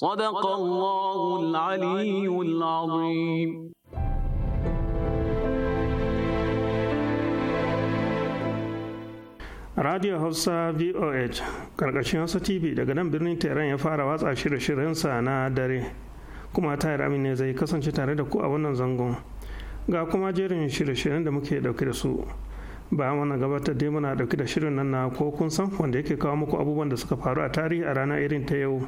صدق الله العلي العظيم Radio Hausa VOH karkashin Hausa TV daga nan birnin Tehran ya fara watsa shirye-shiryensa na dare kuma tayar ne zai kasance tare da ku a wannan zangon ga kuma jerin shirye-shiryen da muke dauke da su bayan wannan gabatar dai muna dauke da shirin nan na ko kun san wanda yake kawo muku abubuwan da suka faru a tarihi a ranar irin ta yau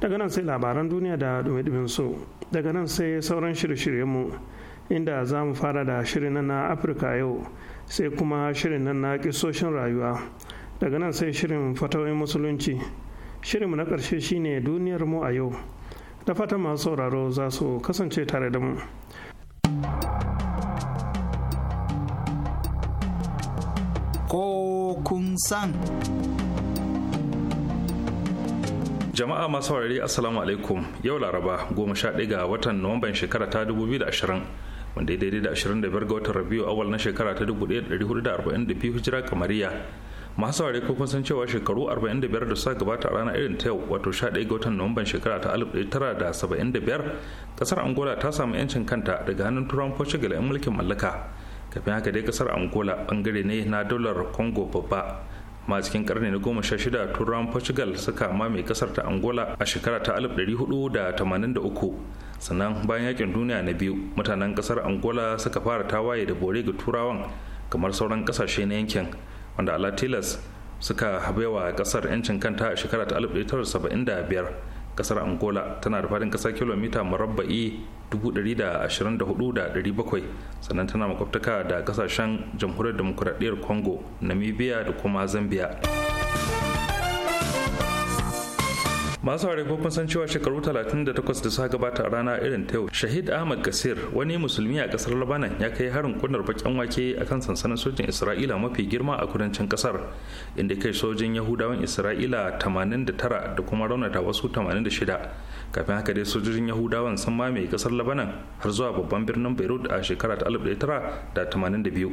daga nan sai labaran duniya da dumi su daga nan sai sauran shirye-shiryenmu inda za mu fara da shirin na afirka yau sai kuma shirin nan na kisoshin rayuwa daga nan sai shirin fatawai musulunci shirinmu na ƙarshe shine duniyar mu a yau da fatan masu sauraro za su kasance tare da mu ko kun san jama'a masu saurari assalamu alaikum yau laraba goma sha ɗaya ga watan nuwamban shekara ta 2020 wanda ya daidai da 25 ga watan rabiu awal na shekara ta 1442 hijira kamariya masu saurari ko kun san cewa shekaru 45 da suka gabata a ranar irin ta yau wato 11 ga watan nuwamban shekara ta 1975 kasar angola ta samu yancin kanta daga hannun turan portugal 'yan mulkin mallaka kafin haka dai kasar angola bangare ne na dolar congo babba amma cikin karni na goma sha shida turawan portugal suka mame kasar ta angola a shekara ta 1483 sannan bayan yakin duniya na biyu mutanen kasar angola suka fara tawaye da bore ga turawan kamar sauran kasashe na yankin wanda ala tilas suka baiwa kasar yancin kanta a shekara ta 1975 kasar angola tana da fadin kasa kilomita murabba'i 124,700 sannan tana makwabtaka da kasashen jamhuriyar demokuraɗiyyar congo namibia da kuma zambia masu ware kofin san cewa shekaru 38 da suka gabata a rana irin ta yau shahid ahmad kasir wani musulmi a kasar labanan ya kai harin kunar bakin wake a kan sansanin sojin isra'ila mafi girma a kudancin kasar inda kai sojin yahudawan isra'ila 89 da kuma raunata wasu 86 kafin haka dai sojojin yahudawan sun mamaye kasar labanan har zuwa babban birnin beirut a shekara ta 1982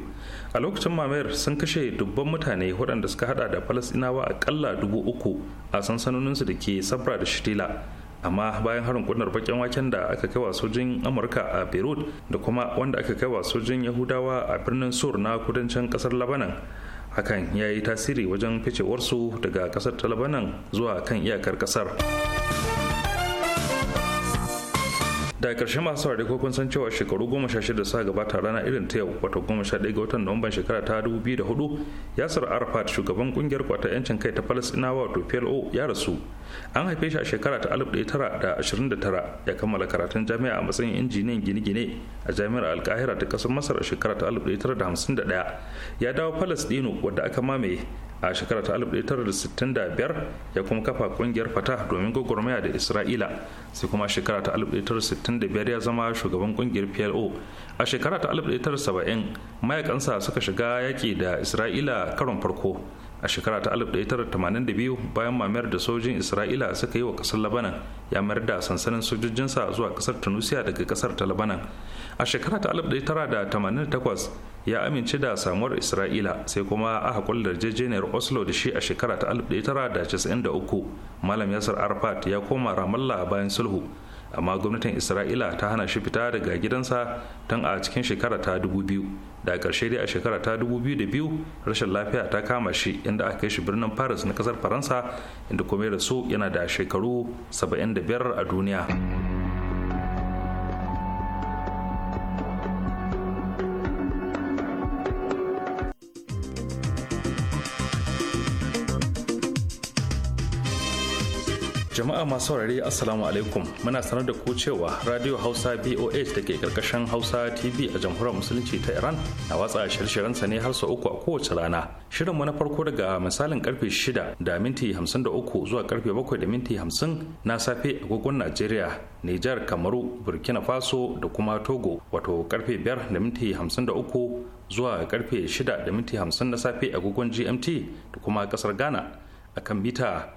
a lokacin mamayar sun kashe dubban mutane waɗanda suka hada da falasinawa akalla dubu uku a sansanoninsu da ke sabra da shitila amma bayan harin kunar bakin waken da aka kai wa sojin amurka a beirut da kuma wanda aka kai wa sojin yahudawa a birnin sur na kudancin kasar labanan hakan ya yi tasiri wajen ficewarsu daga kasar ta labanan zuwa kan iyakar kasar. daga ƙarshe masu saurari ko kun san cewa shekaru goma sha shida sa gabata rana irin ta yau wata goma sha ɗaya ga watan nuwamban shekara ta dubu biyu da hudu yasir arafat shugaban kungiyar kwata yancin kai ta palestinawa wato plo ya rasu an haife shi a shekara ta 1929 ya kammala karatun jami'a a matsayin injiniyan gine-gine a jami'ar alkahira ta kasar masar a shekara ta 1951 ya dawo palestino wadda aka mamaye a shekara ta 1965 ya kuma kafa kungiyar fata domin gwagwarmaya da isra'ila sai kuma shekara ta 1965 ya zama shugaban kungiyar plo a shekara ta 1970 mayakansa suka shiga yaki da isra'ila karon farko a shekara ta 1982 bayan mamayar da sojin isra'ila suka yi wa kasar labanan ya mayar da sansanin sojojinsa zuwa kasar tunisia daga kasar ta labanan a shekara ta 1988 ya amince da samuwar isra'ila sai kuma aka kulla yarjejeniyar oslo da shi a shekara ta 1993 malam yasir arafat ya koma ramallah bayan sulhu amma gwamnatin isra'ila ta hana shi fita daga gidansa tun a cikin shekara ta 2000 da karshe dai a shekara ta 2002 rashin lafiya ta kama shi inda aka kai shi birnin paris na ƙasar faransa inda kuma ya rasu yana da shekaru 75 a duniya. jama'a masu saurari assalamu alaikum muna sanar da ku cewa radio hausa boh da ke karkashin hausa tv a jamhuriyar musulunci ta iran na watsa shirye ne har sau uku a kowace rana shirinmu na farko daga misalin karfe shida da minti uku zuwa karfe bakwai da minti hamsin na safe agogon najeriya nijar kamaru burkina faso da kuma togo wato karfe biyar da minti uku zuwa karfe shida da minti hamsin na safe agogon gmt da kuma kasar ghana akan mita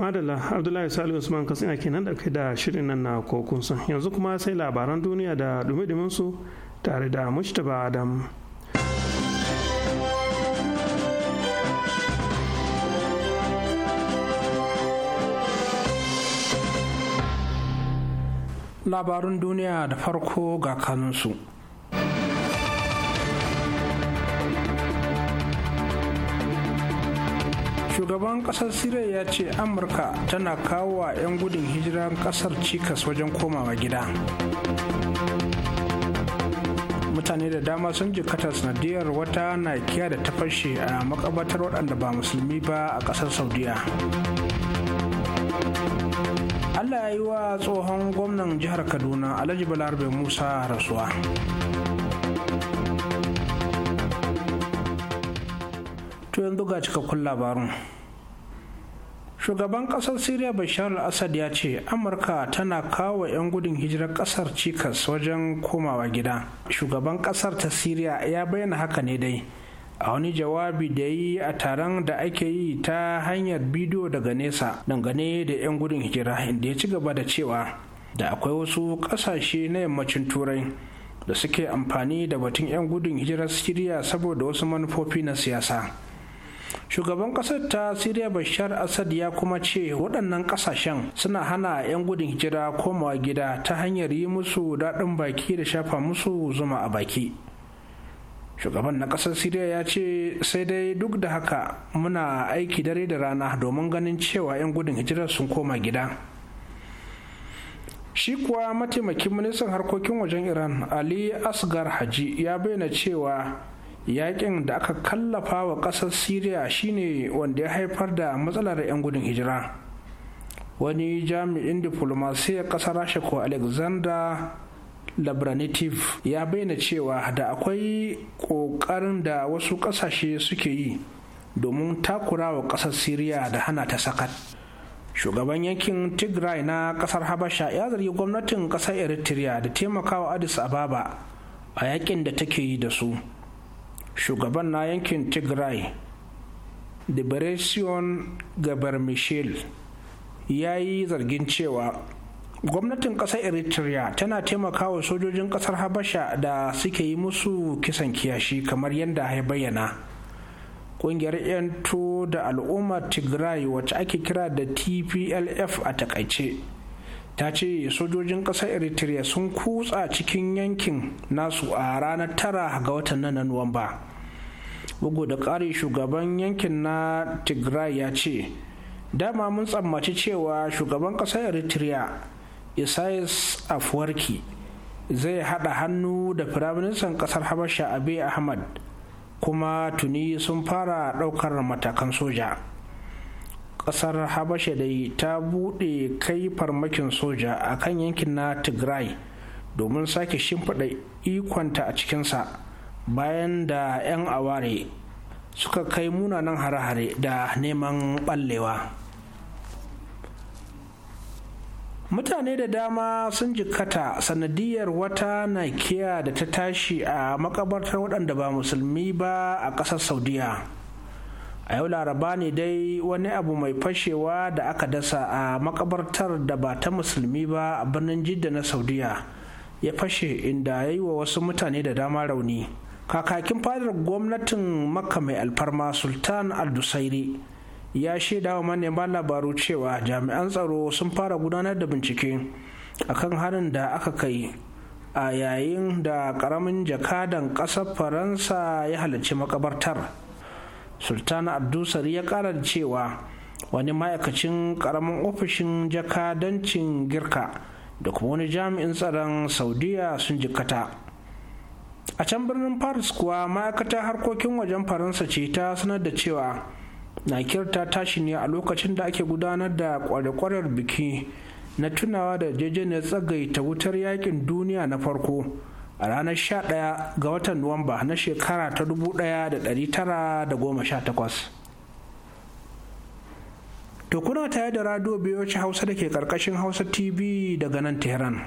madalla abdullahi sali usman katsina kenan da kai da shirin nan na kokun sun yanzu kuma sai labaran duniya da dumi su tare da mustapha adam labarun duniya da farko ga kanunsu shugaban kasar siriya ya ce amurka tana kawo wa 'yan gudun hijiran kasar cikas wajen komawa gida mutane da dama sun jikata sanadiyar wata na nakiya da ta fashe a makabatar waɗanda ba musulmi ba a ƙasar saudiya allah ya yi wa tsohon gwamnan jihar kaduna alhaji balarbe musa rasuwa to yanzu ga cikakkun labarun shugaban ƙasar syria bashar al-assad ya ce amurka tana kawo 'yan gudun hijirar ƙasar cikas wajen komawa gida shugaban ƙasar ta syria ya bayyana haka ne dai a wani jawabi da yi a taron da ake yi ta hanyar bidiyo daga nesa dangane da 'yan gudun hijira inda ya ci gaba da cewa da akwai wasu kasashe na yammacin turai da suke amfani da batun 'yan gudun hijirar syria saboda wasu manufofi na siyasa shugaban kasar ta siriya bashar asad ya kuma ce waɗannan ƙasashen suna hana 'yan gudun hijira komawa gida ta hanyar yi musu daɗin baki da shafa musu zuma a baki shugaban na ƙasar siriya ya ce sai dai duk da haka muna aiki dare da rana domin ganin cewa 'yan gudun hijira sun koma gida shi kuwa mataimakin ministan harkokin wajen iran ali asgar haji ya bayyana cewa yakin da aka kallafa wa ƙasar syria shine wanda ya haifar da matsalar 'yan gudun hijira wani jami'in diplomasiyar ƙasar rasha ko alexander labranitiv ya bayyana cewa da akwai ƙoƙarin da wasu ƙasashe suke yi domin takura wa ƙasar syria da hana ta sakat shugaban yankin tigray na ƙasar habasha ya zargi gwamnatin ƙasar eritrea da taimakawa addis ababa a yakin da take yi da su shugaban na yankin tigray liberation gabar michel ya yi zargin cewa gwamnatin ƙasar eritrea tana taimakawa sojojin ƙasar habasha da suke yi musu kisan kiyashi kamar yadda ya bayyana ƙungiyar 'yanto da al'ummar tigray wacce ake kira da tplf a takaice ta ce sojojin ƙasar eritrea sun kutsa cikin yankin nasu a ranar tara ga watan nan na nuwamba bugu da ƙari shugaban yankin na tigray ya ce dama mun tsammaci cewa shugaban ƙasar eritrea isais afwarki zai haɗa hannu da firaministan ƙasar habasha abiy ahmad kuma tuni sun fara ɗaukar matakan soja. kasar habasha dai ta bude kai farmakin soja a kan yankin na tigray domin sake shimfiɗa ikonta a cikinsa bayan da 'yan aware suka kai munanan hare-hare da neman ɓallewa mutane da dama sun jikata sanadiyar wata nakiya da ta tashi a makabartar waɗanda ba musulmi ba a ƙasar saudiya a yau laraba ne dai wani abu mai fashewa da aka dasa a makabartar da ba ta musulmi ba a birnin jidda na saudiya ya fashe inda ya yi wa wasu mutane da dama rauni kakakin fadar gwamnatin makka mai alfarma sultan al ya shaida wa manema labaru cewa jami'an tsaro sun fara gudanar da bincike akan harin da aka kai a yayin da karamin jakadan ƙasar faransa ya halarci makabartar sultana abdulsari ya kara da cewa wani ma'aikacin karamin ofishin jakadancin girka da kuma wani jami'in tsaron saudiya sun jikata a can birnin paris kuwa ma'aikatar harkokin wajen faransa ce ta sanar da cewa na ta tashi ne a lokacin da ake gudanar da kware-kwarar biki na tunawa da yarjejeniyar tsagaita wutar yakin duniya na farko a ranar 11 ga watan nuwamba na shekara ta 1918 To kuna tare da radio biyoci Hausa da ke karkashin Hausa TV daga nan Tehran.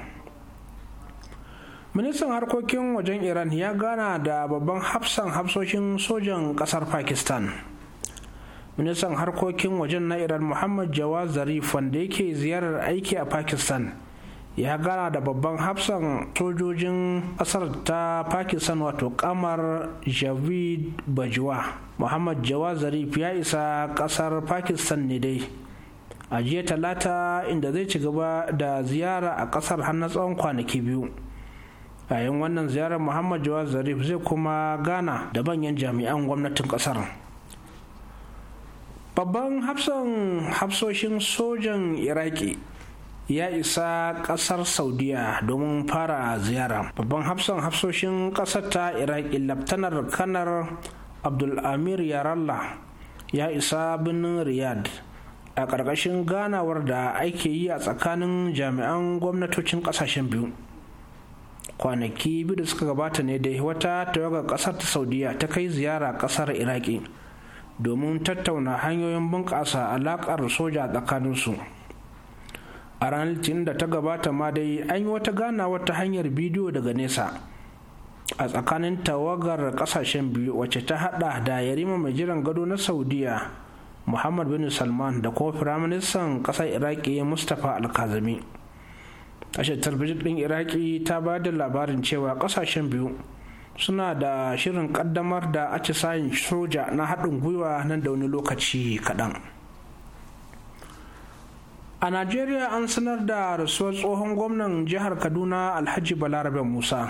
Ministan harkokin wajen Iran ya gana da babban hafsan hafsoshin sojan kasar Pakistan. Ministan harkokin wajen na Iran Muhammad jawaz Zarif wanda yake ziyarar aiki a Pakistan ya gara da babban hafsan sojojin kasar ta pakistan wato kamar javid bajwa muhammad jawaz zarif ya isa kasar pakistan ne dai a jiya talata inda zai ci gaba da ziyara a kasar har tsawon kwanaki biyu yayin wannan ziyarar muhammad jawaz zarif zai kuma gana da manyan jami'an gwamnatin kasar babban hafsan hafsoshin sojan iraki ya isa kasar saudiya domin fara ziyara babban hafsan hafsoshin kasar ta iraki laftanar kanar Abdul abdulamir yarallah ya isa birnin Riyad a ƙarƙashin ganawar da ake yi a tsakanin jami'an gwamnatocin ƙasashen biyu kwanaki biyu da suka gabata ne dai wata tawaga ƙasar ta saudiya ta kai ziyara ƙasar iraki domin tattauna hanyoyin bunƙasa alaƙar soja tsakaninsu. su a ranar litinin da ta gabata ma dai an yi wata ganawa ta hanyar bidiyo daga nesa a tsakanin tawagar kasashen biyu wacce ta hada da yarima mai jiran gado na saudiya muhammad bin salman da kuma firaministan kasar iraki mustapha alkazami tashar talbijin ɗin iraki ta ba da labarin cewa kasashen biyu suna da shirin kaddamar da atisayin soja na haɗin gwiwa nan da wani lokaci kaɗan. a najeriya an sanar da rasuwar tsohon gwamnan jihar kaduna alhaji balarabe musa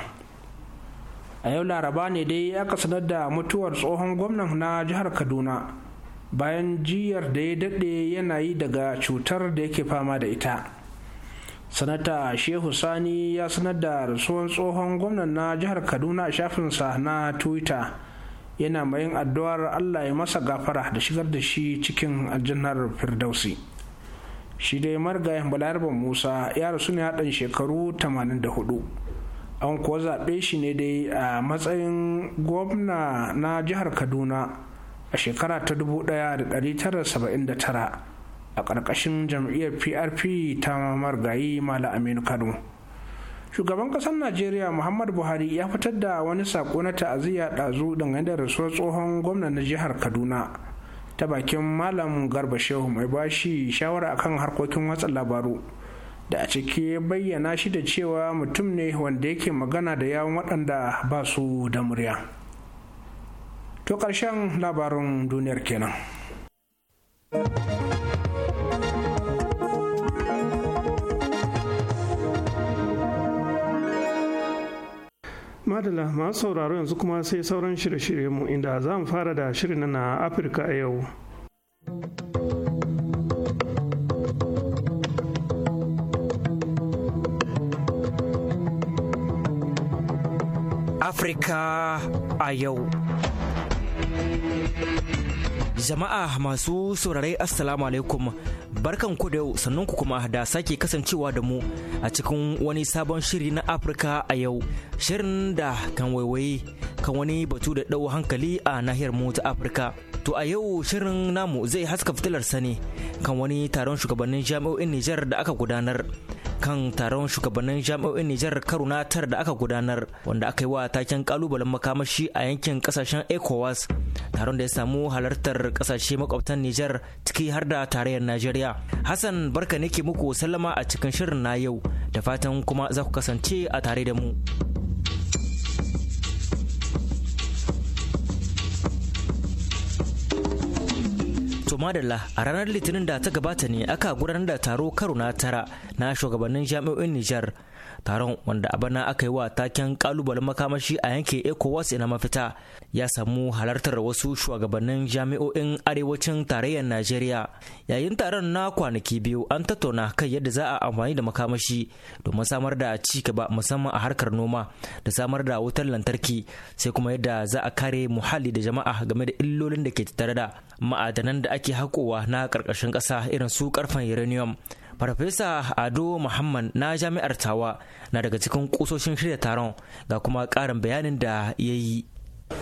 a yau laraba ne dai aka sanar da mutuwar tsohon gwamnan na jihar kaduna bayan jiyar da ya daɗe yana yi daga cutar da yake fama da ita sanata shehu sani ya sanar da rasuwar tsohon gwamnan na jihar kaduna a shafinsa na twitter yana mayin addu'ar allah ya masa gafara da shigar da shi cikin aljannar firdausi shi dai margayin balarban musa ya rasu ne haɗin shekaru 84 an kuwa zaɓe shi ne dai a matsayin gwamna na jihar kaduna a shekara ta 1979 a ƙarƙashin jam'iyyar prp ta margayi mala aminu kano shugaban ƙasar najeriya muhammad buhari ya fitar da wani saƙo na ta'aziyya ɗazu dangane da rasuwar tsohon gwamna na jihar kaduna ta bakin malam garba shehu mai bashi shawara akan harkokin watsa labaru da a ciki bayyana shi da cewa mutum ne wanda yake magana da yawon waɗanda ba su da murya to ƙarshen labarin duniyar kenan. madala masu sauraro yanzu kuma sai sauran shirye mu inda za mu fara da shirin na afirka a yau afirka a yau jama'a masu saurare assalamu alaikum Barkan ku da yau sannan ku kuma da sake kasancewa da mu a cikin wani sabon shiri na Afirka a yau. Shirin da kan waiwaye kan wani batu da ɗau hankali a nahiyar mu ta Afirka. To a yau shirin namu zai haska fitilar sani kan wani taron shugabannin jami'o'in Nijar da aka gudanar. Kan taron shugabannin jami'o'in Nijar karo na tar da aka gudanar wanda aka yi wa taken kalubalen makamashi a yankin kasashen ECOWAS. Taron da ya samu halartar kasashe makwabtan Nijar ciki har da tarayyar Najeriya. Hassan barka ne muku sallama a cikin shirin na yau da fatan kuma za ku kasance a tare da mu. To madalla a ranar litinin da ta gabata ne aka gudanar da taro karo na tara na shugabannin jami'o'in Nijar taron wanda a bana aka yi wa taken kalubalen makamashi a yankin ecowas ina mafita ya samu halartar wasu shugabannin jami'o'in arewacin tarayyar najeriya yayin taron na kwanaki biyu an tattauna kan yadda za a amfani da makamashi domin samar da ci gaba musamman a harkar noma da samar da wutar lantarki sai kuma yadda za a kare muhalli da jama'a game da illolin da ke tattare da ma'adanan da ake hakowa na ƙarƙashin ƙasa irin su ƙarfen uranium farfesa ado muhammad na jami'ar tawa na daga cikin kusoshin shirya taron ga kuma karin bayanin da ya yi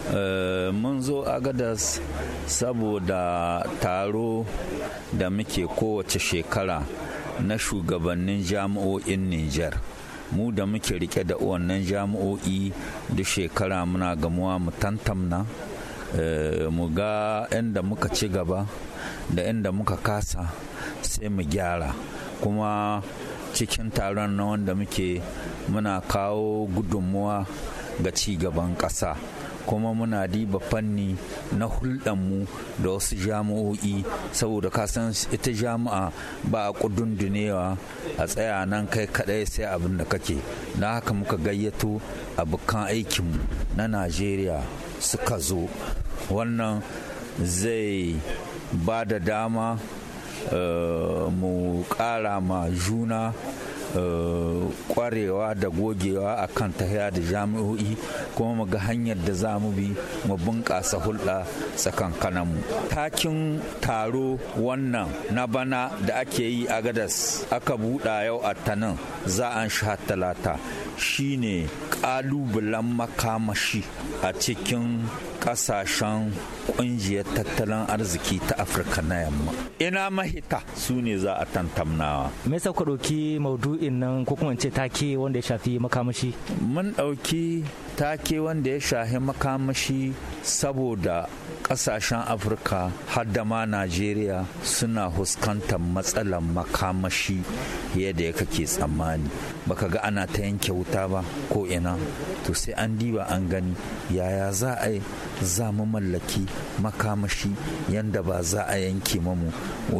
eh, mun zo agadas saboda taro da muke kowace shekara na shugabannin jami'o'in niger mu da muke rike da wannan jami'o'i duk shekara muna gamuwa mu tantamna eh, mu ga inda muka ci gaba da inda muka kasa sai mu gyara kuma cikin taron na wanda muke muna kawo gudunmuwa ga ci gaban ƙasa kuma muna diba fanni na hulɗanmu da wasu jami'o'i saboda kasan ita jami'a ba a dunewa a tsaya nan kai kaɗai sai abin da kake na haka muka gayyato a abokan aikinmu na najeriya suka zo wannan zai ba da dama Eh, mu ƙara ma juna kwarewa eh, da gogewa a kan tahiya da jami'o'i kuma mu ga hanyar da za mu bi mu bunƙasa hulɗa tsakankaninmu takin taro wannan na bana da ake yi a gadas aka buɗa yau a tanin za an sha talata shine kalubalen makamashi a cikin kasashen ƙungiyar tattalin arziki ta afirka na yamma ina mahita su ne za a tantamnawa me yasa ku ɗauki maudu'in nan ko kuma ce take wanda ya shafi makamashi mun ɗauki take wanda ya shahi makamashi saboda kasashen afirka hadda ma najeriya suna huskantar matsalar makamashi yadda ya kake tsammani baka ga ana ta yanke wuta ba ko ina to sai an diba an gani yaya za a yi za mu mallaki makamashi yanda ba za a yanke mamu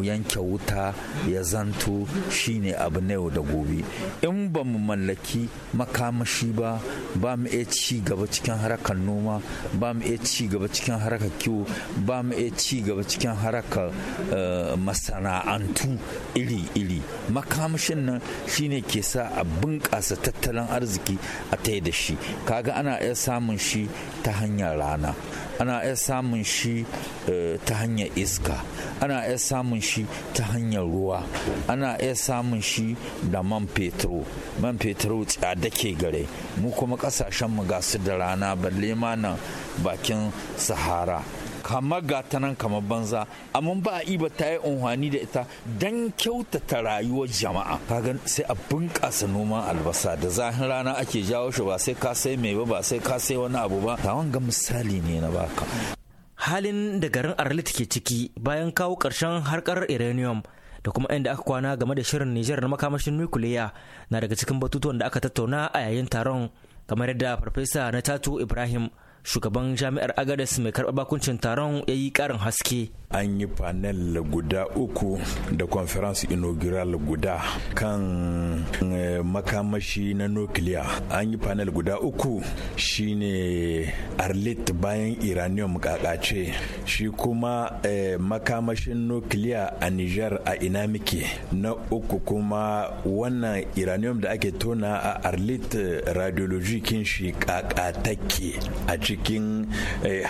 yanke wuta ya zanto shine abu na yau da gobe in ba mu mallaki makamashi ba ba mu iya ci gaba cikin harakar noma ba mu iya ci gaba cikin harakar kiwo ba mu iya ci gaba cikin harakar eh, masana'antu iri-iri makamashin nan shine ke sa a bunƙasa tattalin arziki a ta da shi kaga ana iya samun shi ta hanyar rana ana iya samun shi eh, ta hanyar iska ana iya samun shi ta hanyar ruwa ana iya samun shi da man fetro man fetro tsada ke gare mu kuma kasashen mu gasu da rana balle ma nan bakin sahara kama gata nan kamar banza amma ba a iba ta yi unhani da ita don kyautata rayuwar jama'a kagan sai a bunƙasa noman albasa da zahin rana ake jawo shi ba sai ka sai mai ba sai ka sai wani abu ba tawon ga misali ne na baka halin da garin arlit ke ciki bayan kawo ƙarshen harkar uranium da kuma inda aka kwana game da shirin Nijar na makamashin nukiliya na daga cikin batutuwan da aka tattauna a yayin taron kamar yadda farfesa na tatu ibrahim shugaban jami'ar agadas mai karɓar bakuncin taron ya yi ƙarin haske an yi panel guda uku da conference inaugural guda kan eh, makamashi na nuclear. an yi panel guda uku shine arlit bayan iranium kakace shi kuma eh, makamashin nuclear a niger a ina muke na uku kuma wannan iranium da ake tona a arlit eh, radiology kin shi kaka a cikin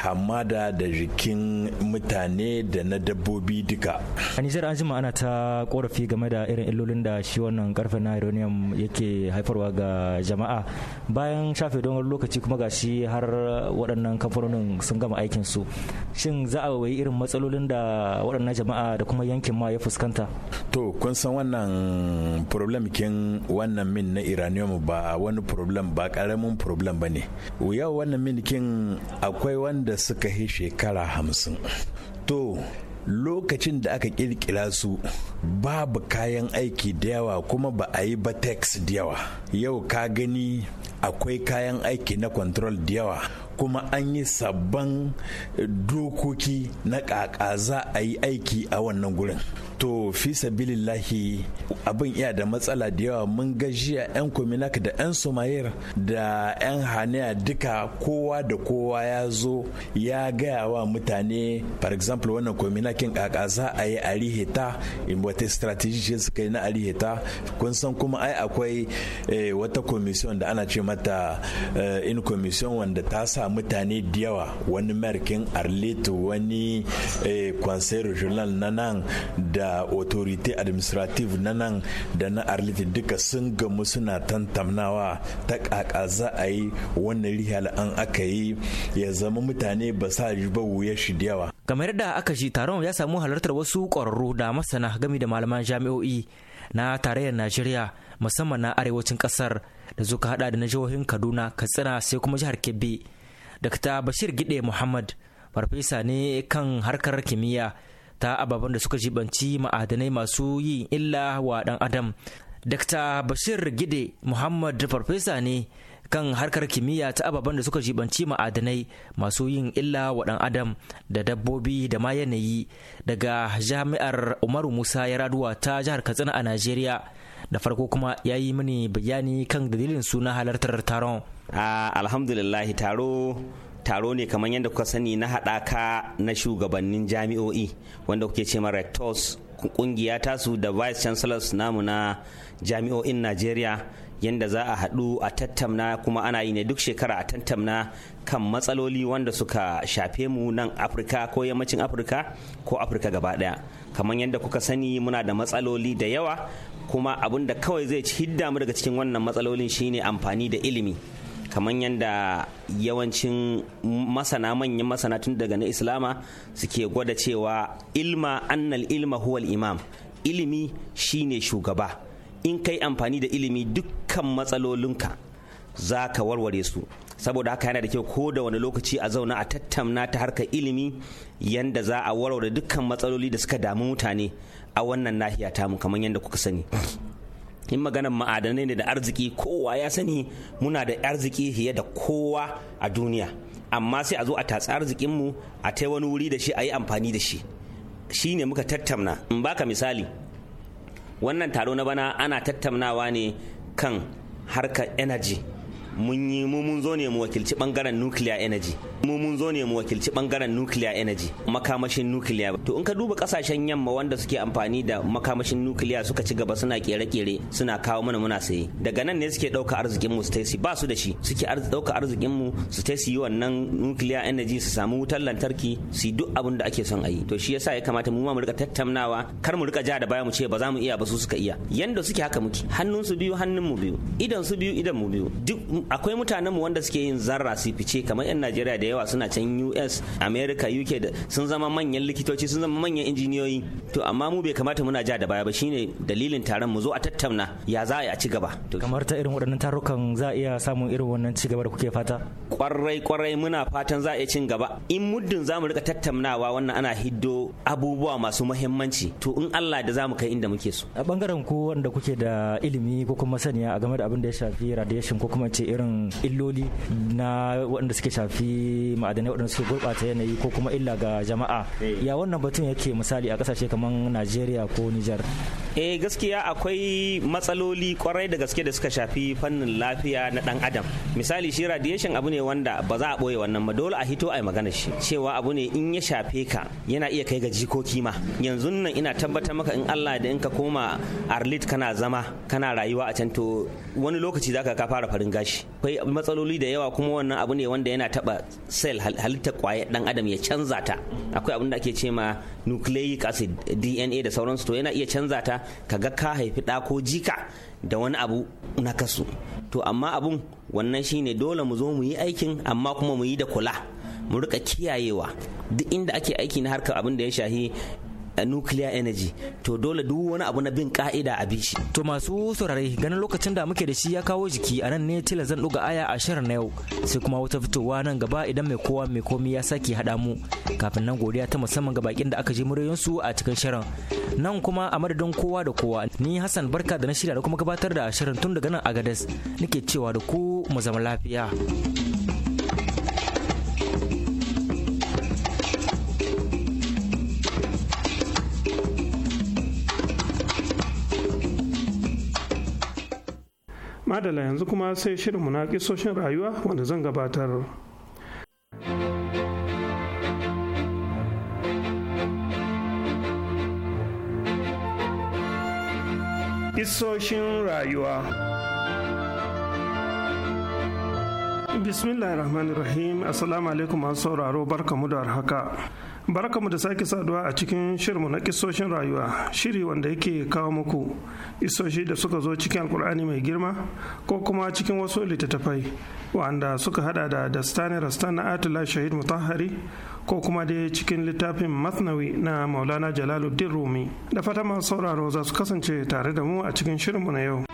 hamada da jikin mutane da na dabbobi duka a nijar an jima ana ta korafi game da irin illolin da shi wannan karfe na uranium yake haifarwa ga jama'a bayan shafe don lokaci kuma ga shi har waɗannan kamfanonin sun gama aikin su shin za a wayi irin matsalolin da waɗannan jama'a da kuma yankin ma ya fuskanta to kun san wannan problem kin wannan min na uranium ba wani problem ba karamin problem ba ne yau wannan min kin akwai wanda suka yi shekara hamsin to lokacin da aka kirkira su babu kayan aiki da yawa kuma ba a yi ba tax da yawa yau ka gani akwai kayan aiki na control da yawa kuma an yi sabon dokoki na kaka za a yi aiki a wannan gurin to fi sabilillahi abin iya da matsala da yawa mun ga jiya yan kominak da yan somayir da yan haniya duka kowa da kowa ya zo ya gaya wa mutane for example wannan kominakin kaka za a yi a in wata strategy suka yi na a kun san kuma ai akwai eh, wata commission da ana ce mata eh, in commission wanda ta sa mutane da yawa wani merkin arleto wani eh, conseil regional na nan da autorité administrative na nan da na arlitin duka sun gamu suna tantamnawa ta kaka za a yi wannan rihal an aka yi ya zama mutane ba sa ba wuya shi da yawa kamar yadda aka shi taron ya samu halartar wasu ƙwararru da masana gami da malaman jami'o'i na tarayyar najeriya musamman na arewacin kasar da zuka hada da na jihohin kaduna katsina sai kuma jihar kebbi dr bashir gide muhammad farfesa ne kan harkar kimiyya ta ababen da suka jibanci ma'adanai masu yin illa wa ɗan adam dr bashir gide muhammad farfesa ne kan harkar kimiyya ta ababen da suka jibanci ma'adanai masu yin illa wa ɗan adam da dabbobi da ma yanayi daga jami'ar umaru musa ya raduwa ta jihar katsina a najeriya da farko kuma ya yi mini bayani kan dalilin suna halartar taron ah, alhamdulillah taro taro ne kamar yadda kuka sani na haɗaka na shugabannin jami'o'i wanda kuke ce rectors kungiya tasu da vice chancellors namu na jami'o'in najeriya yadda za a haɗu a tattamna kuma ana yi ne duk shekara a tattamna kan matsaloli wanda suka shafe mu nan afirka ko yammacin afirka ko afirka gaba ɗaya kamar yadda kuka sani muna da matsaloli da yawa kuma abin da kawai zai hidda mu daga cikin wannan matsalolin shine amfani da ilimi kamar yadda yawancin masana manyan masana tun daga na islama suke gwada cewa ilma annal ilma huwal imam ilimi shine shugaba in kai amfani da ilimi dukkan matsalolinka za ka warware su saboda haka yana da kyau ko da wani lokaci a zauna a tattamna ta harkar ilimi yanda za a warware dukkan matsaloli da suka damu mutane a wannan nahiya tamu kamar yadda kuka sani in maganar ma'adanai ne da arziki kowa ya sani muna da arziki fiye da kowa a duniya amma sai a zo a tatsi arzikinmu a ta wani wuri da shi a yi amfani da shi shi ne muka tattamna in baka misali wannan taro na bana ana tattaunawa ne kan harkar energy mun yi mun zo ne mu wakilci bangaren nuclear energy mu mun zo ne mu wakilci bangaren nuclear energy makamashin nuclear to in ka duba kasashen yamma wanda suke amfani da makamashin nuclear suka ci gaba suna kere-kere suna kawo mana muna saye daga nan ne suke dauka arzikin mu su ba su da shi suke dauka arzikin mu su yi wannan nuclear energy su samu wutar lantarki su duk abin da ake son a yi to shi yasa ya kamata mu ma mu rika tattaunawa kar mu rika ja da baya mu ce ba za mu iya ba su suka iya yanda suke haka muke hannun su biyu hannun mu biyu idan su biyu idan mu biyu duk akwai mutanen mu wanda suke yin zarra su fice kamar yan Najeriya da yawa suna can US America UK da sun zama manyan likitoci sun zama manyan injiniyoyi to amma mu bai kamata muna ja da baya ba shine dalilin taron mu zo a tattauna ya za a ci gaba kamar ta irin waɗannan tarukan za a iya samun irin wannan ci gaba da kuke fata kwarai kwarai muna fatan za a iya cin gaba in muddin zamu rika tattaunawa wannan ana hiddo abubuwa masu muhimmanci to in Allah da zamu kai inda muke so a bangaren ku wanda kuke da ilimi ko kuma saniya a game da abin da ya shafi radiation ko kuma ce irin illoli na waɗanda suke shafi ma'adanai waɗanda suke gurɓata yanayi ko kuma illa ga jama'a eh. ya wannan batun yake misali a ƙasashe kamar najeriya ko nijar eh gaskiya akwai matsaloli kwarai da gaske da suka shafi fannin lafiya na dan adam misali shi radiation abu ne wanda ba za a ɓoye wannan ba dole a hito a yi magana shi cewa abu ne in ya shafe ka yana iya kai ga jikoki ma yanzu nan ina tabbatar maka in Allah da in ka koma arlit kana zama kana rayuwa a can to wani lokaci zaka ka fara farin gashi akwai matsaloli da yawa kuma wannan abu ne wanda yana taba cell halittar kwayar dan adam ya canza ta akwai abin da ake ce ma nucleic acid dna da sauransu to yana iya canza ta ka ga ka haifi ɗa ko jika da wani abu na kasu to amma abun wannan shine dole mu zo mu yi aikin amma kuma mu yi da kula mu rika kiyayewa duk inda ake aiki na harkar abin da ya shahi a nuclear energy to dole duk wani abu na bin ka'ida a bishi to masu saurare ganin lokacin da muke da shi ya kawo jiki a nan ne tilas zan duga aya a shirin na yau sai kuma wata fitowa nan gaba idan mai kowa mai komi ya sake haɗa mu kafin nan godiya ta musamman ga bakin da aka je su a cikin shirin nan kuma a madadin kowa da kowa ni hassan barka da na shirya da kuma gabatar da shirin tun daga nan agadas nake cewa da ku mu zama lafiya. madala yanzu kuma sai shirinmu na kisoshin rayuwa wanda zan gabatar isoshin rayuwa bismillahir rahim assalamu alaikum masu sauraro barkamu da haka mu da sake saduwa a cikin shirmu na kisoshin rayuwa shiri wanda yake kawo muku isoshi da suka zo cikin alkur'ani mai girma ko kuma cikin wasu littattafai wanda suka hada da dastani rastan na atula shahid mutahari ko kuma dai cikin littafin masnawi na maulana jalaluddin rumi da fata masu sauraro za su kasance tare da mu a cikin shirinmu na yau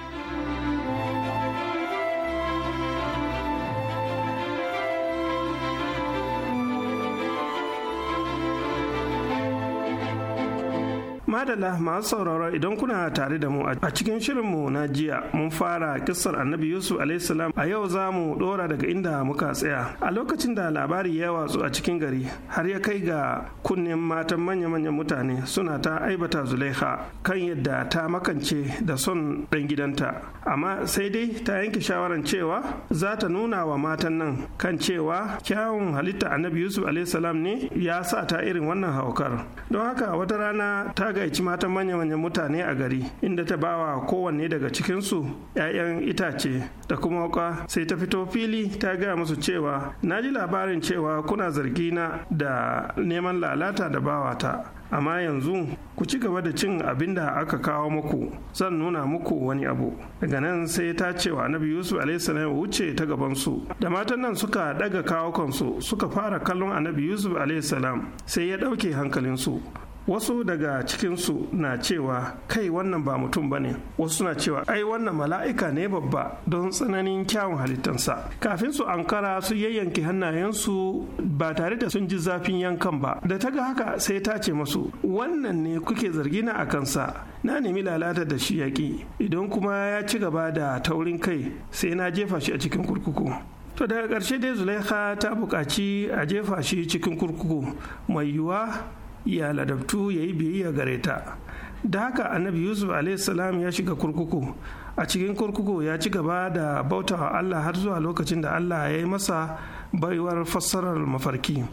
madalla masu sauraro idan kuna tare da mu a cikin shirinmu na jiya mun fara kissar annabi yusuf alaihissalam a yau za mu dora daga inda muka tsaya a lokacin da labari ya watsu a cikin gari har ya kai ga kunnen matan manya-manyan mutane suna ta aibata zulaiha kan yadda ta makance da son dan gidanta amma sai dai ta yanke shawaran cewa za ta nuna wa matan nan kan cewa kyawun halitta annabi yusuf alaihissalam ne ya sa ta irin wannan haukar don haka wata rana ta ga takaici matan manya-manyan mutane a gari inda ta bawa kowanne daga cikinsu 'ya'yan itace da kuma wuka sai ta fito fili ta gaya musu cewa na ji labarin cewa kuna na da neman lalata da bawata amma yanzu ku ci gaba da cin abin da aka kawo muku zan nuna muku wani abu daga nan sai ta ce wa annabi yusuf alaihissalam wuce ta gabansu. da matan nan suka daga kawo kansu suka fara kallon annabi yusuf alaihissalam sai ya ɗauke hankalinsu wasu daga cikinsu na cewa kai wannan ba mutum ba ne wasu na cewa ai wannan mala'ika ne babba don tsananin kyawun halittansa kafin su ankara su yayyanke hannayensu ba tare da sun ji zafin yankan ba da ta ga haka sai ta ce masu wannan ne kuke zargina a kansa na nemi lalata da shi yaƙi idan kuma ya ci gaba da taurin kai sai na jefa shi a cikin kurkuku to daga ƙarshe dai zulaiha ta buƙaci a jefa shi cikin kurkuku mai yiwuwa ya ladabtu ya yi biyayya gare ta da haka annabi yusuf salam ya shiga kurkuku a cikin kurkuku ya ci gaba da bautawa allah har zuwa lokacin da allah ya yi masa baiwar fassarar mafarki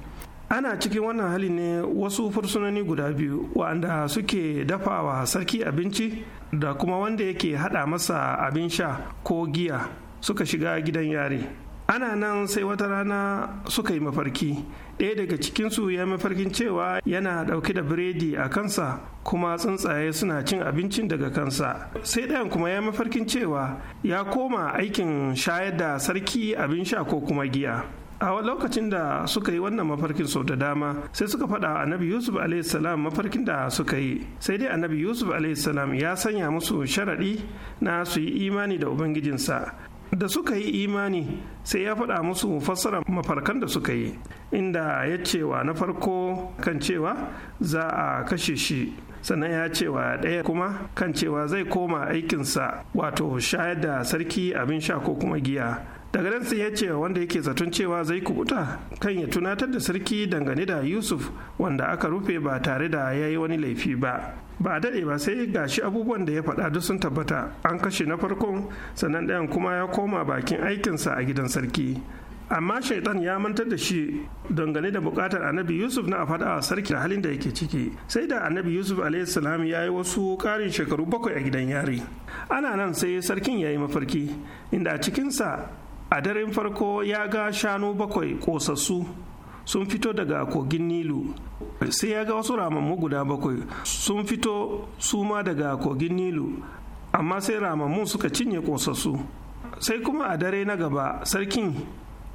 ana cikin wannan hali ne wasu fursunoni guda biyu wanda suke dafawa sarki abinci da kuma wanda yake hada masa abin sha ko giya suka shiga gidan yare ana nan sai wata rana suka yi mafarki ɗaya daga cikinsu ya mafarkin cewa yana ɗauke da biredi a kansa kuma tsuntsaye suna cin abincin daga kansa sai ɗayan kuma ya mafarkin cewa ya koma aikin shayar da sarki abin sha ko kuma giya a lokacin da suka yi wannan mafarkin sau da dama sai suka faɗa annabi yusuf salam mafarkin da suka yi sai dai annabi yusuf salam ya sanya musu sharaɗi na su yi imani da ubangijinsa da suka yi imani sai ya faɗa musu fassara mafarkan da suka yi inda ya cewa na farko kan cewa za a kashe shi sannan ya cewa ɗaya kuma kan cewa zai koma aikinsa wato shayar da sarki abin sha ko kuma giya daga nan sai ya ce wanda yake zaton cewa zai kubuta kan ya tunatar da sarki dangane da yusuf wanda aka rufe ba tare da ya yi wani laifi ba ba a daɗe ba sai gashi abubuwan da ya faɗa duk sun tabbata an kashe na farko sannan ɗayan kuma ya koma bakin aikinsa a gidan sarki amma shaitan ya mantar da shi dangane da bukatar annabi yusuf na a faɗa a sarki halin da yake ciki sai da annabi yusuf salam ya yi wasu ƙarin shekaru bakwai a gidan yari ana nan sai sarkin ya yi mafarki inda cikinsa a daren farko ya ga shanu bakwai ƙosassu sun fito daga kogin nilu sai ya ga wasu ramammu guda bakwai sun fito su ma daga kogin nilu amma sai ramammun suka cinye kosassu sai kuma a dare na gaba sarkin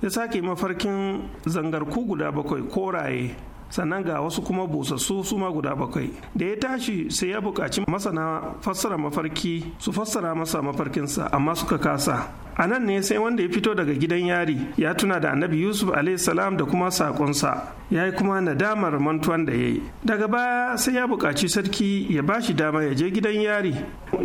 ya sake mafarkin zangarku guda bakwai koraye sannan ga wasu kuma busassu su ma guda bakwai da ya tashi sai ya buƙaci masana fassara mafarki su fassara masa mafarkinsa amma suka kasa a nan ne sai wanda ya fito daga gidan yari ya tuna da annabi yusuf salam da kuma sakonsa ya yi kuma nadamar mantuwan da ya yi daga baya sai ya buƙaci sarki ya ba shi dama ya je gidan yari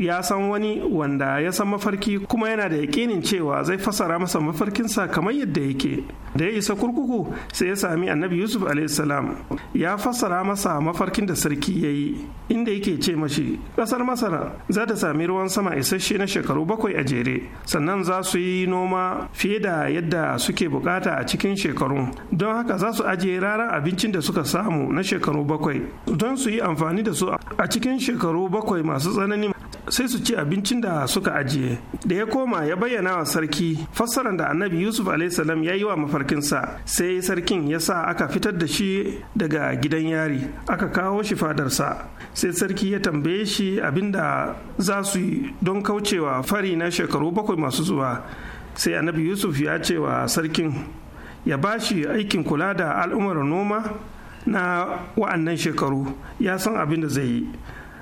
ya san wani wanda ya san mafarki kuma yana da yaƙinin cewa zai fasara masa mafarkinsa kamar yadda yake da ya isa kurkuku sai ya sami annabi yusuf salam ya fasara masa mafarkin da sarki ya yi inda yake ce mashi ƙasar masara za ta sami ruwan sama isasshe na shekaru bakwai a jere sannan za su yi noma fiye da yadda suke bukata a cikin shekaru don haka za su ajiye raran abincin da suka samu na shekaru bakwai don su yi amfani da su a cikin shekaru bakwai masu tsanani sai su ci abincin da suka ajiye da ya koma ya bayyana wa sarki fassarar da annabi yusuf alaihissalam ya yi wa mafarkinsa sai sarkin ya sa aka fitar da shi daga gidan yari aka kawo shi fadarsa sai sarki ya tambaye shi abin da za su yi don kaucewa fari na shekaru bakwai masu zuwa sai annabi yusuf ya ce wa sarkin ya ba shi aikin kula da al'ummar noma na wa'annan shekaru ya san abin da zai yi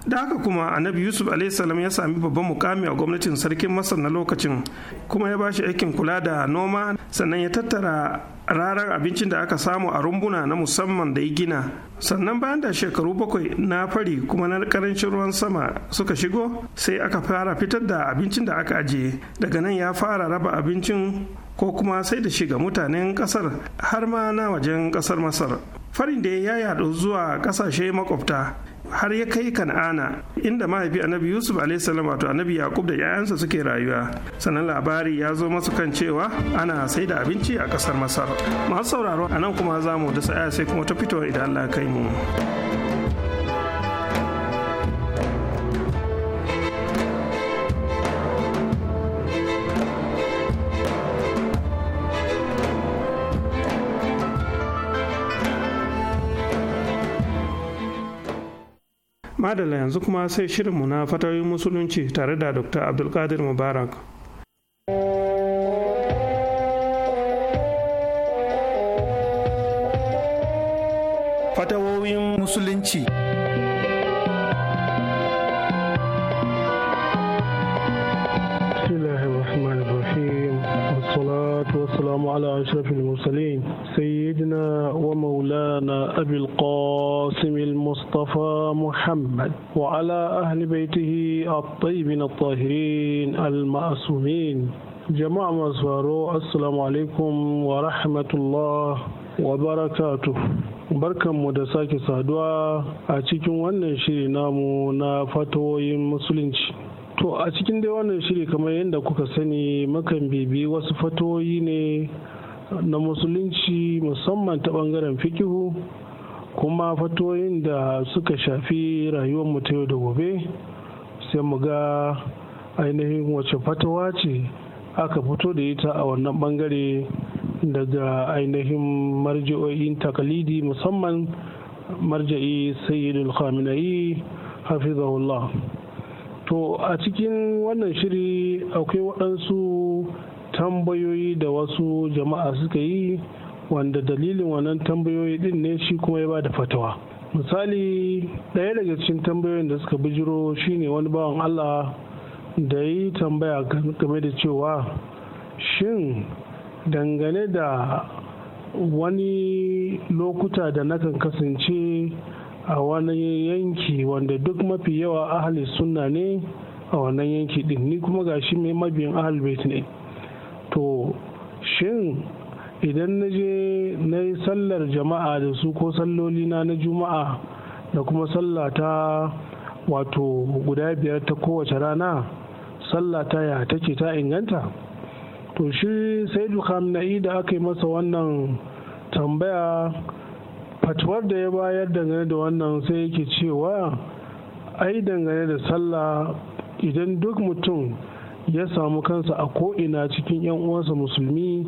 da haka kuma annabi yusuf salam ya sami babban mukami a gwamnatin sarkin masar na lokacin kuma ya bashi aikin kula da noma sannan ya tattara rarar abincin da aka samu a rumbuna na musamman da ya gina sannan bayan da shekaru bakwai na fari kuma na karancin ruwan sama suka shigo sai aka fara fitar da abincin da aka ajiye daga nan ya fara raba abincin ko kuma sai da shiga mutanen kasar har ma na wajen kasar masar farin da ya yaɗu zuwa kasashe makwabta har ya kai kan'ana inda mahaifi annabi yusuf alaihissalam wato annabi yakub da 'ya'yansa suke rayuwa sannan labari ya zo masu kan cewa ana sai da abinci a kasar masar masu sauraro a nan kuma za mu da sai kuma ta fitowa idan allah kai mu Madala yanzu kuma sai shirinmu na fatayoyin musulunci tare da dr abdulkadir mubarak fatawoyin musulunci على أشرف المرسلين سيدنا ومولانا أبي القاسم المصطفى محمد وعلى أهل بيته الطيبين الطاهرين المأسومين جماعة مصفارو السلام عليكم ورحمة الله وبركاته barkanmu da sake saduwa a cikin wannan shiri namu na fatoyin musulunci To a cikin dai wannan shiri kamar yadda kuka sani mukan bibi wasu fatoyi ne na musulunci musamman ta bangaren fikihu kuma fatoyin da suka shafi rayuwar mu ta yau da gobe sai mu ga ainihin wace fatawa ce aka fito da ita a wannan bangare daga ainihin marji'o'in takalidi musamman marja'i sayyidul khamenei hafizahullah to a cikin wannan shiri akwai waɗansu tambayoyi da wasu jama'a suka yi wanda dalilin wannan tambayoyi din ne shi kuma ya ba da fatawa misali ɗaya daga cikin tambayoyin da suka bijiro shine wani bawan allah da yi tambaya game da cewa shin dangane da wani lokuta da nakan kasance a wani yanki wanda duk mafi yawa ahli sunna ne a wannan yanki din ni kuma ga gashi mai mabiyin ahal ne to shin idan na je na yi sallar jama'a da su ko sallolina na juma'a da kuma sallah ta wato guda biyar ta kowace rana sallah ta ya take ta inganta to shi sai dukamna'i da aka yi masa wannan tambaya fatuwar da ya bayar dangane da wannan sai yake cewa ai dangane da sallah idan duk mutum ya samu kansa a ko'ina cikin 'yan uwansa musulmi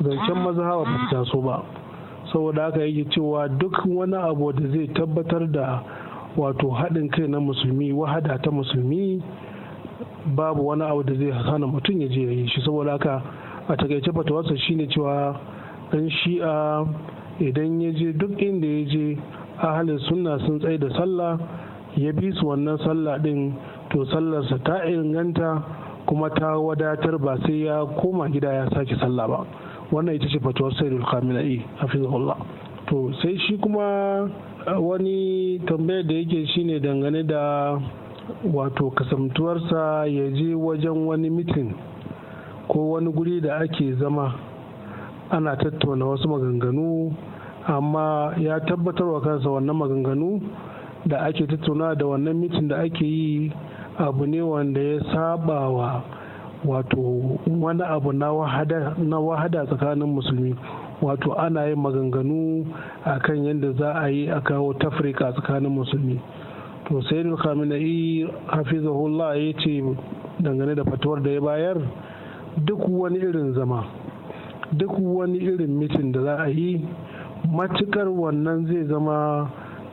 zancen mazhaba ba ta taso ba saboda haka yake cewa duk wani abu da zai tabbatar da wato haɗin kai na musulmi wahada ta musulmi babu wani abu da zai hana mutum ya je ya yi shi saboda haka a takaice fatawarsa shine cewa ɗan shi'a idan ya je duk inda ya je ahalin sunna sun tsaye da sallah ya bi su wannan sallah din to sallarsa ta inganta kuma ta wadatar ba sai ya koma gida ya sake sallah ba wannan ita ce fatuwar sayyidul kamila'i hafizahullah to sai shi kuma wani tambayar da yake shine dangane da wato kasamtuwarsa ya je wajen wani mitin ko wani guri da ake zama ana tattauna wasu maganganu amma ya tabbatar wa kansa wannan maganganu da ake tattauna da wannan mitin da ake yi abu ne wanda ya saba wa wato wani abu na wahada tsakanin musulmi wato ana yin maganganu a kan yadda za a yi a kawo tafrika tsakanin musulmi to sai da khamenei hafizahullah ya ce dangane da fatuwar da ya bayar duk wani irin zama duk wani irin mitin da za a yi matukar wannan zai zama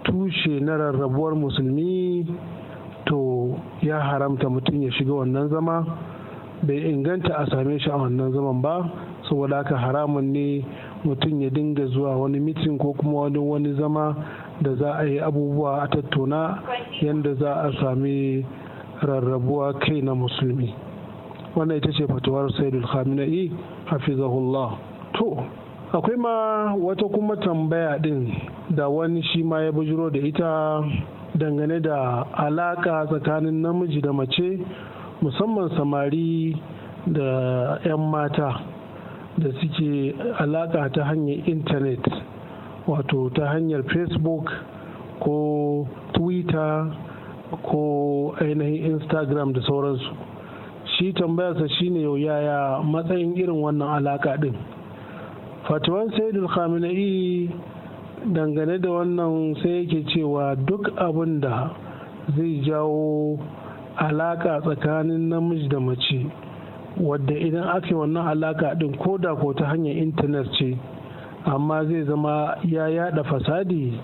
tushe na rarrabuwar musulmi to ya haramta mutum ya shiga wannan zama bai inganta a same shi a wannan zaman ba saboda haka haramun ne mutum ya dinga zuwa wani mitin ko kuma wani wani zama da za a yi abubuwa a tattauna yadda za a sami rarrabuwa kai na musulmi. wannan ita ce fatuwar saidul khamenei hafizahullah to akwai ma wata kuma tambaya din da wani shi ma ya bujiro da ita dangane da alaka tsakanin namiji da mace musamman samari da 'yan mata da suke alaka ta hanyar intanet wato ta hanyar facebook ko twitter ko ainihin instagram da sauransu shi tambayarsa shine yaya matsayin irin wannan alaka din fatuwan saidul khamenei dangane da wannan sai yake cewa duk abin da zai jawo alaka tsakanin namiji da mace wadda idan aka wannan alaka din ko da ko ta hanyar intanet ce amma zai zama ya yada fasadi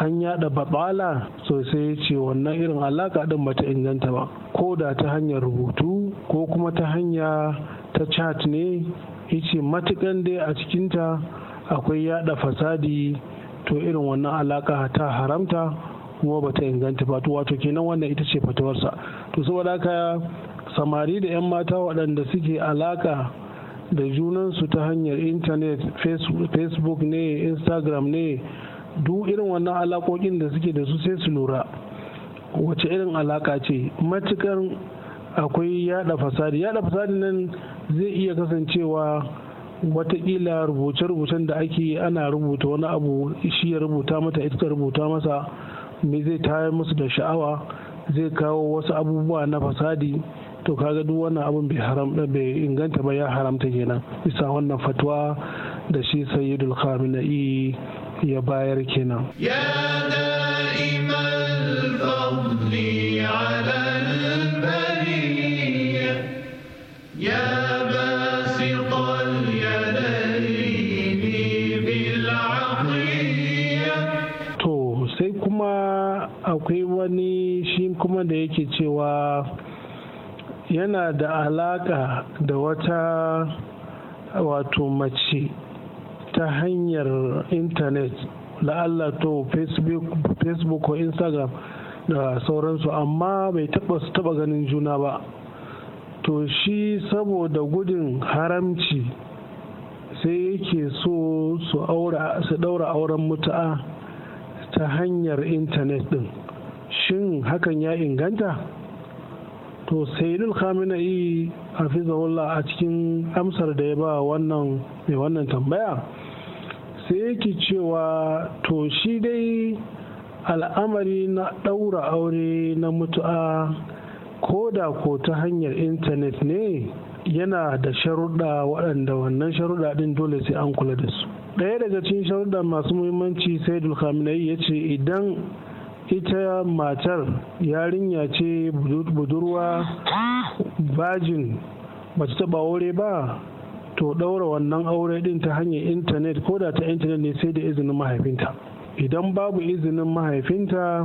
an yada babala sosai ce wannan irin alaka din bata inganta ba ko da ta hanyar rubutu ko kuma ta hanya ta chat ne yace matukan dai a cikinta akwai yada fasadi to irin wannan alaka ta haramta kuma ba ta inganta ba to wato kenan wannan ita ce fatuwarsa to saboda haka samari da 'yan mata waɗanda suke alaka da junansu ta hanyar intanet facebook ne instagram ne duk irin wannan alakokin da suke da su sai su lura wace irin alaka ce matukar akwai yada fasadi yada fasadi nan zai iya kasancewa watakila rubuce-rubucen da ake ana rubuta wani abu shi ya rubuta mata ita rubuta masa me zai tayar musu da sha'awa zai kawo wasu abubuwa na fasadi to kaga duk wannan abin bai inganta ba ya haramta kenan bisa wannan fatwa da shi sayyidul khamenei ya bayar kenan ya da'imal fadli ala al ya akwai wani shi kuma da yake cewa yana da alaka da wata wato mace ta hanyar intanet la'alla to facebook ko instagram da sauransu amma bai taba su taba ganin juna ba to shi saboda gudun haramci sai yake so su daura auren mutu'a ta hanyar intanet din shin hakan ya inganta to sayidul khamenei hafizahullah a cikin amsar da ya ba wannan mai wannan tambaya sai yake cewa to shi dai al'amari na ɗaura aure na mutu'a ko da ko ta hanyar intanet ne yana da sharuɗa waɗanda wannan sharuɗa ɗin dole sai an kula da su ɗaya daga cikin sharuɗa masu muhimmanci sai dulkaminai ya ce idan ita matar yarinya ce budurwa bajin ba ta taɓa aure ba to ɗaura wannan aure ɗin ta hanyar intanet ko da ta intanet ne sai da izinin mahaifinta idan babu izinin mahaifinta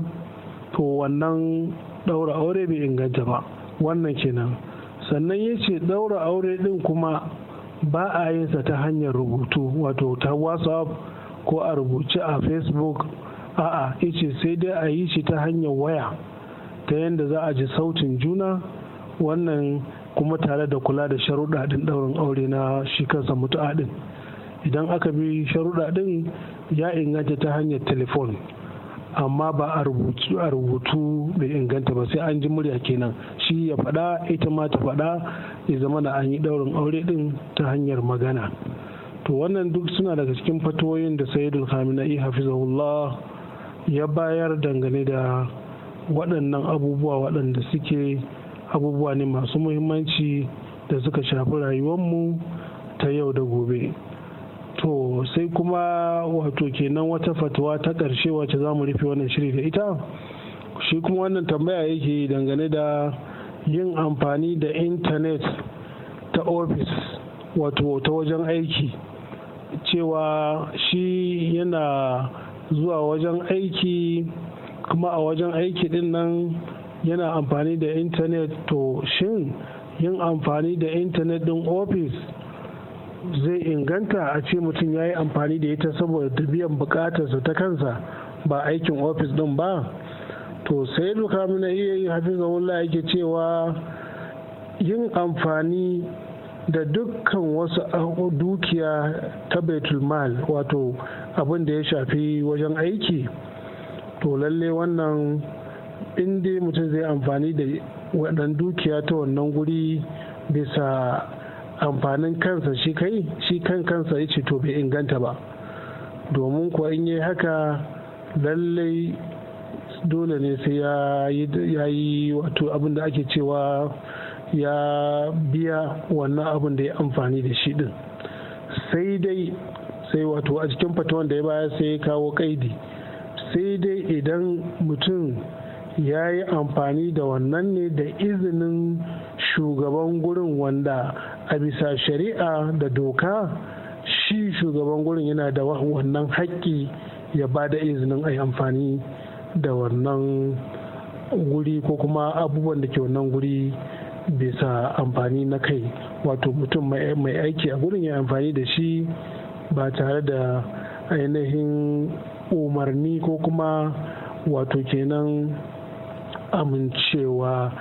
to wannan ɗaura aure bai inganta ba wannan kenan sannan ya ce ɗaura aure ɗin kuma ba a yin sa ta hanyar rubutu wato ta whatsapp ko a rubuce a facebook a'a ce sai dai a yi shi ta hanyar waya ta yadda za a ji sautin juna wannan kuma tare da kula da sharuɗa ɗin ɗaurin aure na shi kansa mutu'a ɗin idan aka bi sharuɗa ɗin ya inganta ta hanyar telefon amma ba a rubutu bai inganta ba sai an ji murya kenan shi ya faɗa ita ma ta faɗa ya zama da an yi ɗaurin aure ɗin ta hanyar magana to wannan duk suna daga cikin fatoyin da sayyidul khamenei hafizahullah ya bayar dangane da waɗannan abubuwa waɗanda suke abubuwa ne masu muhimmanci da suka shafi rayuwarmu ta yau da gobe to sai kuma wato kenan wata fatuwa ta ƙarshe wacce za mu rufe wannan shiri da ita shi kuma wannan tambaya yake dangane da yin amfani da intanet ta ofis wato ta wajen aiki cewa shi yana zuwa wajen aiki kuma a wajen aiki din nan yana amfani da intanet to shin yin amfani da intanet ɗin ofis zai inganta a ce mutum ya yi amfani da ita saboda biyan bukatarsa ta kansa ba aikin ofis ɗin ba to sai duka muna iya yi wula yake cewa yin amfani da dukkan wasu dukiya ta Betulmal wato abin da ya shafi wajen aiki to lalle wannan in dai mutum zai amfani da waɗan dukiya ta wannan guri bisa amfanin kansa shi kai shi kan kansa ya to bai inganta ba domin kuwa in yi haka lallai dole ne sai ya yi wato abin da ake cewa ya biya wannan abin da ya amfani da shi din sai dai sai wato a cikin fatawan da ya baya sai ya kawo kaidi sai dai idan mutum ya yi amfani da wannan ne da izinin shugaban gurin wanda a bisa shari'a da doka shi shugaban gurin yana da wannan haƙƙi ya ba da izinin a yi amfani da wannan guri ko kuma abubuwan da ke wannan guri bisa amfani na kai wato mutum mai aiki a gurin ya amfani da shi ba tare da ainihin umarni ko kuma wato kenan amincewa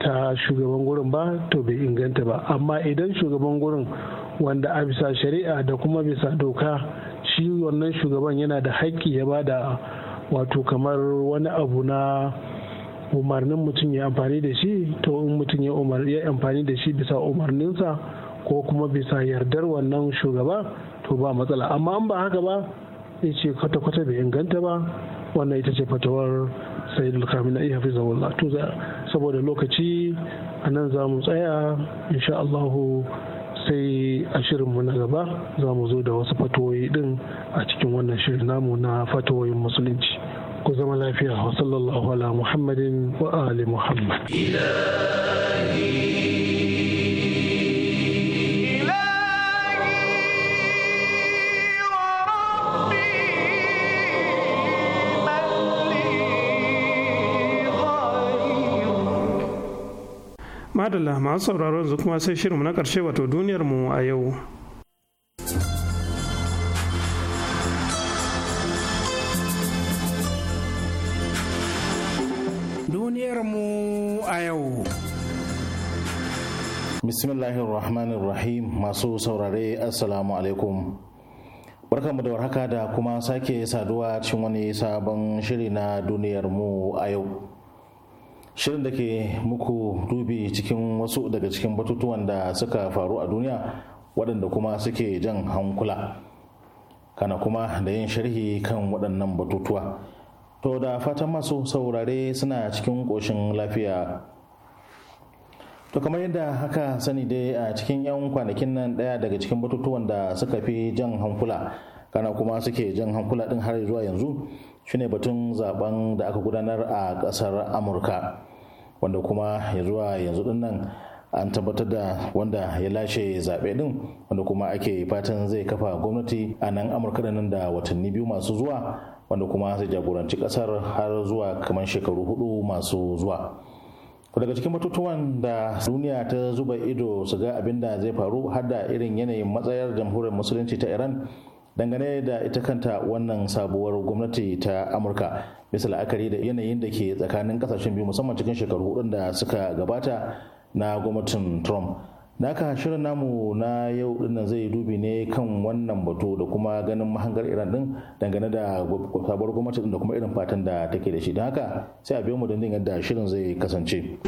ta shugaban gurin ba to bai inganta ba amma idan shugaban gurin wanda a bisa shari'a da kuma bisa doka shi wannan shugaban yana da haƙƙi ya ba da wato kamar wani abu na umarnin mutum ya amfani da shi to in mutum ya amfani da shi bisa umarninsa ko kuma bisa yardar wannan shugaba to ba matsala amma in ba haka ba ya ce kwata-kwata bai inganta ba wannan ita ce fatawar iya khamenei hafizahullah to za saboda lokaci a nan za mu tsaya insha Allahu sai a shirinmu na gaba za mu zo da wasu fatoyi din a cikin wannan shirin namu na fatoyin musulunci ku zama lafiya wa sallallahu ala muhammadin wa ali muhammad madalla masu sauraro yanzu kuma sai shirinmu na ƙarshe wato duniyarmu a yau duniyarmu a yau rahmanir rahim, masu saurare assalamu alaikum barkamu da warhaka da kuma sake saduwa cikin wani sabon shiri na duniyarmu a yau shirin da ke muku dubi cikin wasu daga cikin batutuwan da suka faru a duniya waɗanda kuma suke jan hankula kana kuma da yin sharhi kan waɗannan batutuwa to da fatan masu saurare suna cikin ƙoshin lafiya to kamar yadda haka sani dai a cikin 'yan kwanakin nan ɗaya daga cikin batutuwan da suka fi jan hankula kana kuma suke jan hankula ɗin har zuwa yanzu shine batun zaben da aka gudanar a kasar amurka wanda kuma ya zuwa yanzu din nan an tabbatar da wanda ya lashe zaɓe din wanda kuma ake fatan zai kafa gwamnati a nan amurka da nan da watanni biyu masu zuwa wanda kuma zai jagoranci kasar har zuwa kamar shekaru hudu masu zuwa daga cikin batutuwan da duniya ta zuba ido su ga abin da zai faru har da irin yanayin matsayar jamhuriyar musulunci ta iran dangane da ita kanta wannan sabuwar gwamnati ta amurka bisa la'akari da yanayin da ke tsakanin kasashen biyu musamman cikin shekaru hudun da suka gabata na gwamnatin trump naka shirin namu na yau dinnan zai dubi ne kan wannan batu da kuma ganin mahangar iran din dangane da sabuwar gwamnati da kuma irin fatan da take da shi don haka sai a biyo mu don yadda shirin zai kasance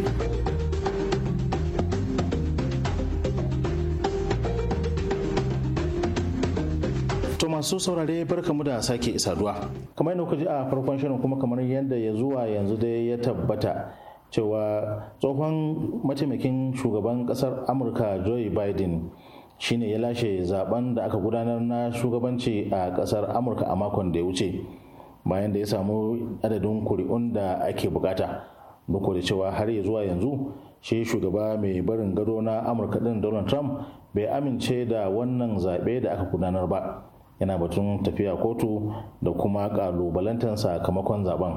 masu saurare barkamu da sake saduwa kamar yadda kuka a farkon shirin kuma kamar yadda ya zuwa yanzu dai ya tabbata cewa tsohon mataimakin shugaban kasar amurka joe biden shine ya lashe zaben da aka gudanar na shugabanci a kasar amurka a makon da ya wuce bayan da ya samu adadin kuri'un da ake bukata duk da cewa har ya zuwa yanzu shi shugaba mai barin gado na amurka din donald trump bai amince da wannan zaɓe da aka gudanar ba yana batun tafiya kotu da kuma kalubalantar sakamakon zaben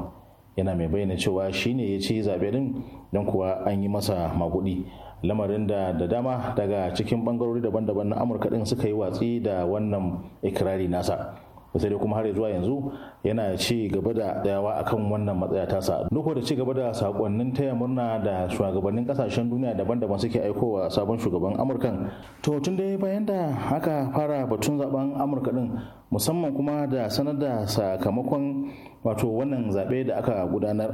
yana mai bayyana cewa shine ya ci zaɓe din don kuwa an yi masa makudi lamarin da da dama daga cikin bangarori daban-daban na amurka din suka yi watsi da wannan ikirari nasa sai dai kuma har zuwa yanzu yana ci gaba da tsayawa akan wannan matsaya tasa duk da ci gaba da sakonnin taya murna da shugabannin kasashen duniya daban-daban suke aikowa sabon shugaban amurkan to tun dai bayan da aka fara batun zaben amurka din musamman kuma da sanar da sakamakon wato wannan zaɓe da aka gudanar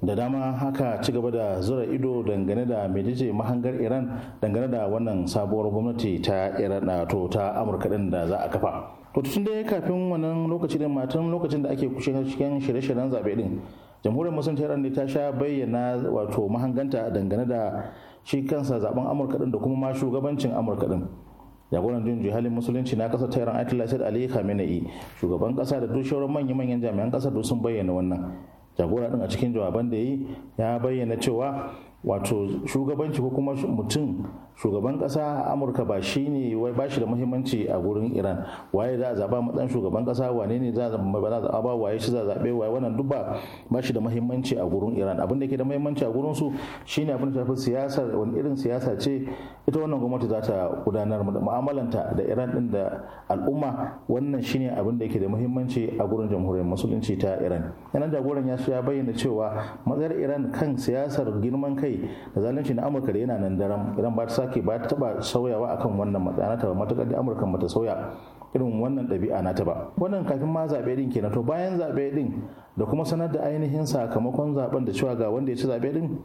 da dama haka ci gaba da zura ido dangane da medice mahangar iran dangane da wannan sabuwar gwamnati ta iran to ta amurka din da za a kafa to tun da kafin wannan lokaci da matan lokacin da ake kushe cikin shirye-shiryen zaɓe din jamhuriyar musulunci iran ne ta sha bayyana wato mahanganta dangane da shi kansa zaben amurka din da kuma ma shugabancin amurka din jagoran jin halin musulunci na kasar tehran atila said ali khamenei shugaban kasa da duk shauran manya-manyan jami'an kasar da sun bayyana wannan jagora din a cikin jawaban da yi ya bayyana cewa wato shugabanci ko kuma mutum shugaban kasa amurka ba shi ne wai ba shi da muhimmanci a gurin iran waye za a zaba mu dan shugaban kasa wane ne za a zaba waye shi za a zabe waye wannan duk ba ba shi da muhimmanci a gurin iran abin da ke da muhimmanci a gurin su shine abin da tafi siyasar wani irin siyasa ce ita wannan gwamnati za ta gudanar mu'amalanta da iran din da al'umma wannan shine abin da ke da muhimmanci a gurin jamhuriyar musulunci ta iran yanan jagoran ya ya bayyana cewa matsayar iran kan siyasar girman kai da zalunci na amurka da yana nan daram iran ba ta ke ba ta taba sauyawa akan wannan matsaya nata ba matukar da amurka ta sauya irin wannan ɗabi'a nata ba wannan kafin ma zaɓe din kenan to bayan zaɓe din da kuma sanar da ainihin sakamakon zaɓen da cewa ga wanda ya ci zaɓe din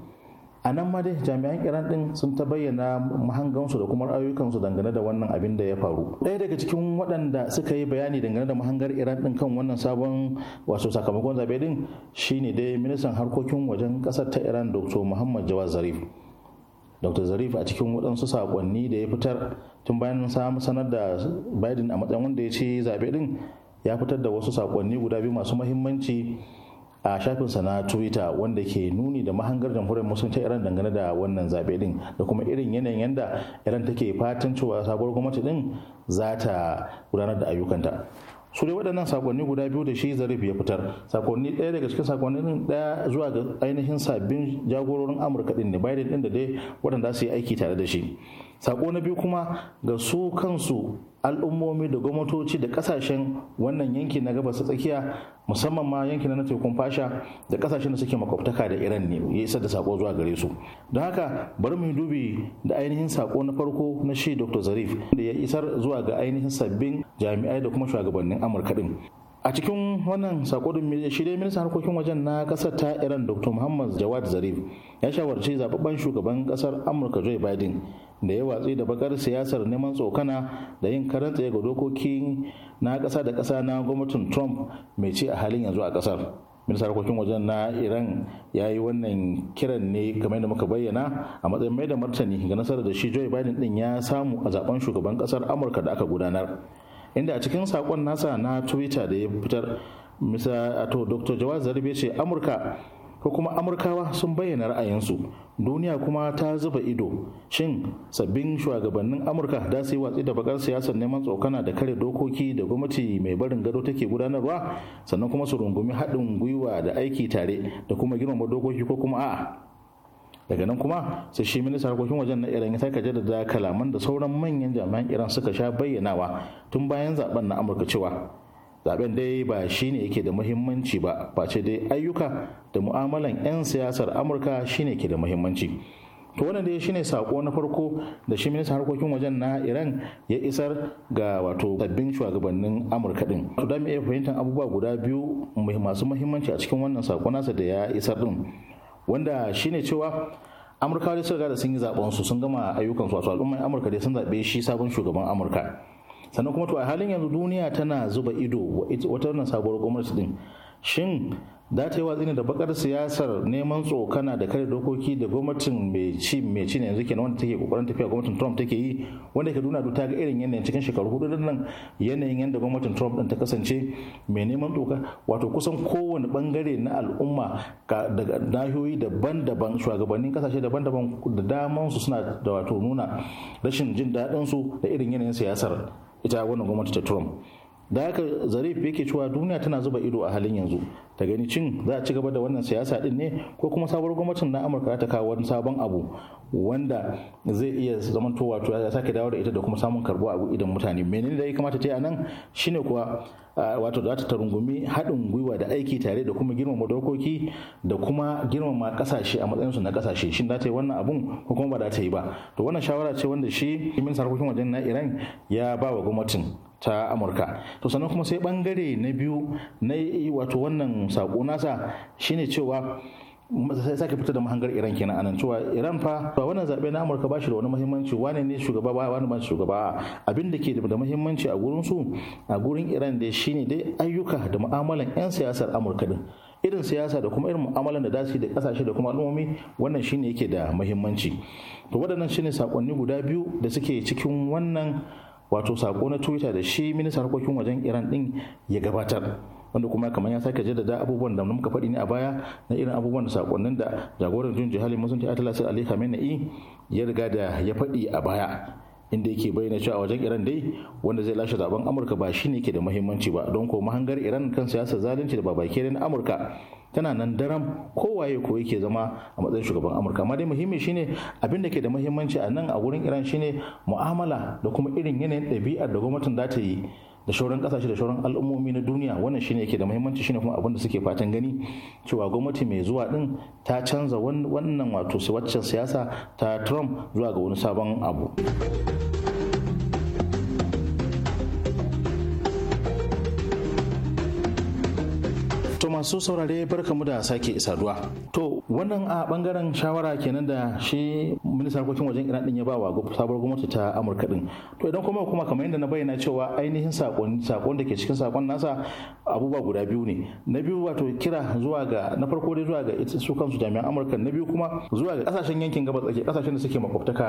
a nan ma dai jami'an iran din sun ta bayyana mahangansu da kuma ra'ayoyinsu dangane da wannan abin da ya faru ɗaya daga cikin waɗanda suka yi bayani dangane da mahangar iran din kan wannan sabon wato sakamakon zaɓe din shine dai ministan harkokin wajen ƙasar ta iran dr muhammad jawad zarif dr zarif a cikin waɗansu saƙonni da ya fitar tun bayan samun sanar da biden a matsayin wanda ya ce zaɓe ɗin ya fitar da wasu saƙonni guda biyu masu mahimmanci a shafinsa na twitter wanda ke nuni da mahangar jamhuriyar musulunci iran dangane da wannan zaɓe ɗin da kuma irin yanayin yadda iran take fatan cewa sabuwar gwamnati ɗin za ta gudanar da ayyukanta su dai waɗannan sakonni guda biyu da shi zarif ya fitar sakonni ɗaya daga cikin sakonnin ɗaya zuwa ga ainihin sabbin jagororin amurka ɗin ne biden ɗin da dai waɗanda su yi aiki tare da shi sako na biyu kuma ga su kansu al'ummomi da gwamnatoci da kasashen wannan yanki na gabas tsakiya musamman ma yankin na tekun fasha da kasashen da suke makwabtaka da iran ne ya isa da sako zuwa gare su don haka bari mu dubi da ainihin sako na farko na shi dr zarif da ya isar zuwa ga ainihin sabbin jami'ai da kuma shugabannin amurka din a cikin wannan sako sakonin shi dai ministan harkokin wajen na kasar ta iran dr muhammad jawad zarif ya shawarci zababben shugaban kasar amurka joe biden da ya watsi da bakar siyasar neman tsokana da yin karan tsaye ga dokokin na kasa da kasa na gwamnatin trump mai ci a halin yanzu a kasar. ministan harkokin wajen na iran ya yi wannan kiran ne kamar da muka bayyana a matsayin mai da martani ga nasarar da shi joe biden din ya samu a zaben shugaban kasar amurka da aka gudanar inda a cikin sakon nasa na twitter da ya fitar misa ato dr jawaz zarbe ce amurka ko kuma amurkawa sun bayyana ra'ayinsu duniya kuma ta zuba ido shin sabbin shugabannin amurka da su yi watsi da bakar siyasar neman tsokana da kare dokoki da gwamnati mai barin gado take gudanarwa sannan kuma su rungumi haɗin gwiwa da aiki tare da kuma girmama dokoki ko kuma a'a daga nan kuma sai shi ministan harkokin wajen na iran ya sake jaddada kalaman da sauran manyan jami'an iran suka sha bayyanawa tun bayan zaben na amurka cewa zaben dai ba shine yake da muhimmanci ba face dai ayyuka da mu'amalan 'yan siyasar amurka shine ke da muhimmanci to wannan dai shine sako na farko da shi ministan harkokin wajen na iran ya isar ga wato sabbin shugabannin amurka din to da iya fahimtar abubuwa guda biyu masu muhimmanci a cikin wannan sako nasa da ya isar din wanda shine cewa amurkawa da sun yi zaben su sun gama ayyukan su wato al'ummar amurka dai sun zaɓe shi sabon shugaban amurka sannan kuma to a halin yanzu duniya tana zuba ido wata wannan sabuwar gwamnati din shin da ta yi watsi ne da bakar siyasar neman tsokana da kare dokoki da gwamnatin mai ci mai ci ne yanzu kenan wanda take kokarin tafiya gwamnatin Trump take yi wanda ke duna ta ga irin yanayin cikin shekaru hudu din nan yanayin yanda gwamnatin Trump din ta kasance mai neman doka wato kusan kowane bangare na al'umma daga nahiyoyi daban-daban shugabannin kasashe daban-daban da daman suna da wato nuna rashin jin daɗin su da irin yanayin siyasar ita wannan gwamnati ta trump da haka zarif yake cewa duniya tana zuba ido a halin yanzu ta gani cin za a ci gaba da wannan siyasa din ne ko kuma sabuwar gwamnatin na amurka ta kawo wani sabon abu wanda zai iya zamanto wato ya sake dawo da ita da kuma samun karbuwa a idan mutane menene da ya kamata ta yi a nan shine kuwa wato za ta rungumi haɗin gwiwa da aiki tare da kuma girmama dokoki da kuma girmama kasashe a matsayinsu na kasashe shin za ta yi wannan abun ko kuma ba za ta yi ba to wannan shawara ce wanda shi ministan harkokin wajen na iran ya ba wa gwamnatin ta amurka to sannan kuma sai bangare na biyu na wato wannan sako nasa shine cewa sai sake fita da mahangar iran kenan anan cewa iran fa ba wannan zaɓe na amurka ba shi da wani muhimmanci wane ne shugaba ba wani ba shugaba abin da ke da muhimmanci a gurin su a gurin iran dai shine dai ayyuka da mu'amalan yan siyasar amurka din irin siyasa da kuma irin mu'amalan da dasi da kasashe da kuma al'ummomi wannan shine yake da muhimmanci to waɗannan shine sakonni guda biyu da suke cikin wannan wato sako na twitter da shi minista harkokin wajen iran din ya gabatar wanda kuma kamar ya sake jaddada abubuwan da muka faɗi ne a baya na irin abubuwan da sakonnin da jagoran jun jihalin musulunci atlas ali khamenei ya riga da ya faɗi a baya inda yake bayyana cewa wajen iran dai wanda zai lashe zaben amurka ba shine ke da muhimmanci ba don ko mahangar iran kan siyasar zalunci da babakere na amurka tana nan daram kowaye ko yake zama a matsayin shugaban amurka amma dai muhimmi shine abin da ke da muhimmanci a nan a wurin iran shine mu'amala da kuma irin yanayin ɗabi'ar da gwamnatin za ta yi da shauran kasashe da shauran al'ummomi na duniya wannan shine yake da muhimmanci shine kuma abin da suke fatan gani cewa gwamnati mai zuwa din ta canza wannan wato waccan siyasa ta Trump zuwa ga wani sabon abu. masu saurare barkamu da sake saduwa to wannan a bangaren shawara kenan da shi ministan harkokin wajen iran din ya ba wa sabuwar gwamnati ta amurka din to idan kuma kuma kamar yadda na bayyana cewa ainihin sakon sakon da ke cikin sakon nasa abubuwa guda biyu ne na biyu wato kira zuwa ga na farko dai zuwa ga su kansu jami'an amurka na biyu kuma zuwa ga kasashen yankin gabas tsakiya kasashen da suke makwabtaka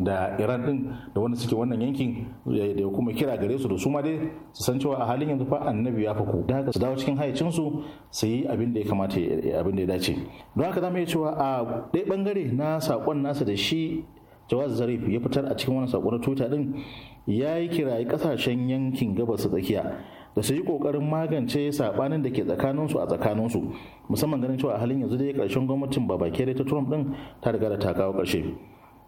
da iran din da wanda suke wannan yankin da kuma kira gare su da su ma dai su san cewa a halin yanzu fa annabi ya ku da haka su dawo cikin hayacin su su yi abin da ya kamata abin da ya dace don haka zamu iya cewa a ɗaya bangare na sakon nasa da shi jawaz zarif ya fitar a cikin wani sako na twitter din ya yi kirayi kasashen yankin gabas tsakiya da su yi kokarin magance sabanin da ke tsakaninsu a tsakaninsu musamman ganin cewa a halin yanzu dai karshen gwamnatin babakere ta trump din ta riga da ta kawo karshe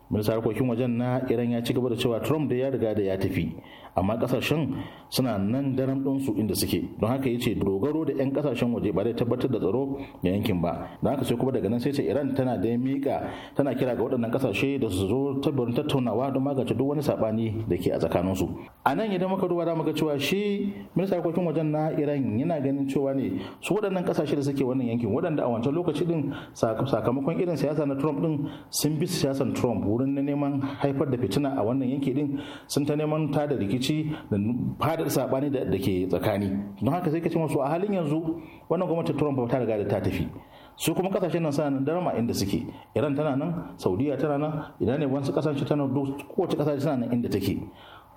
minista harkokin wajen na iran ya ci gaba da cewa trump da ya riga da ya tafi amma kasashen suna nan daren ɗansu inda suke don haka ya ce dogaro da 'yan kasashen waje ba zai tabbatar da tsaro da yankin ba don haka sai kuma daga nan sai ce iran tana da mika tana kira ga waɗannan kasashe da su zo tabbarin tattaunawa don magance duk wani sabani da ke a tsakaninsu a nan idan muka duba za mu ga cewa shi minista harkokin wajen na iran yana ganin cewa ne su waɗannan kasashe da suke wannan yankin waɗanda a wancan lokaci din sakamakon irin siyasa na trump din sun bi siyasan trump wurin neman haifar da fitina a wannan yanki din sun ta neman da rikici rikici da fadar sabani da ke tsakani don haka sai ka ce masu a halin yanzu wannan gwamnati Trump ta riga da ta tafi su kuma kasashen nan suna nan darama inda suke Iran tana nan Saudiya tana nan idan ne wasu kasashe tana kowace kasashe tana nan inda take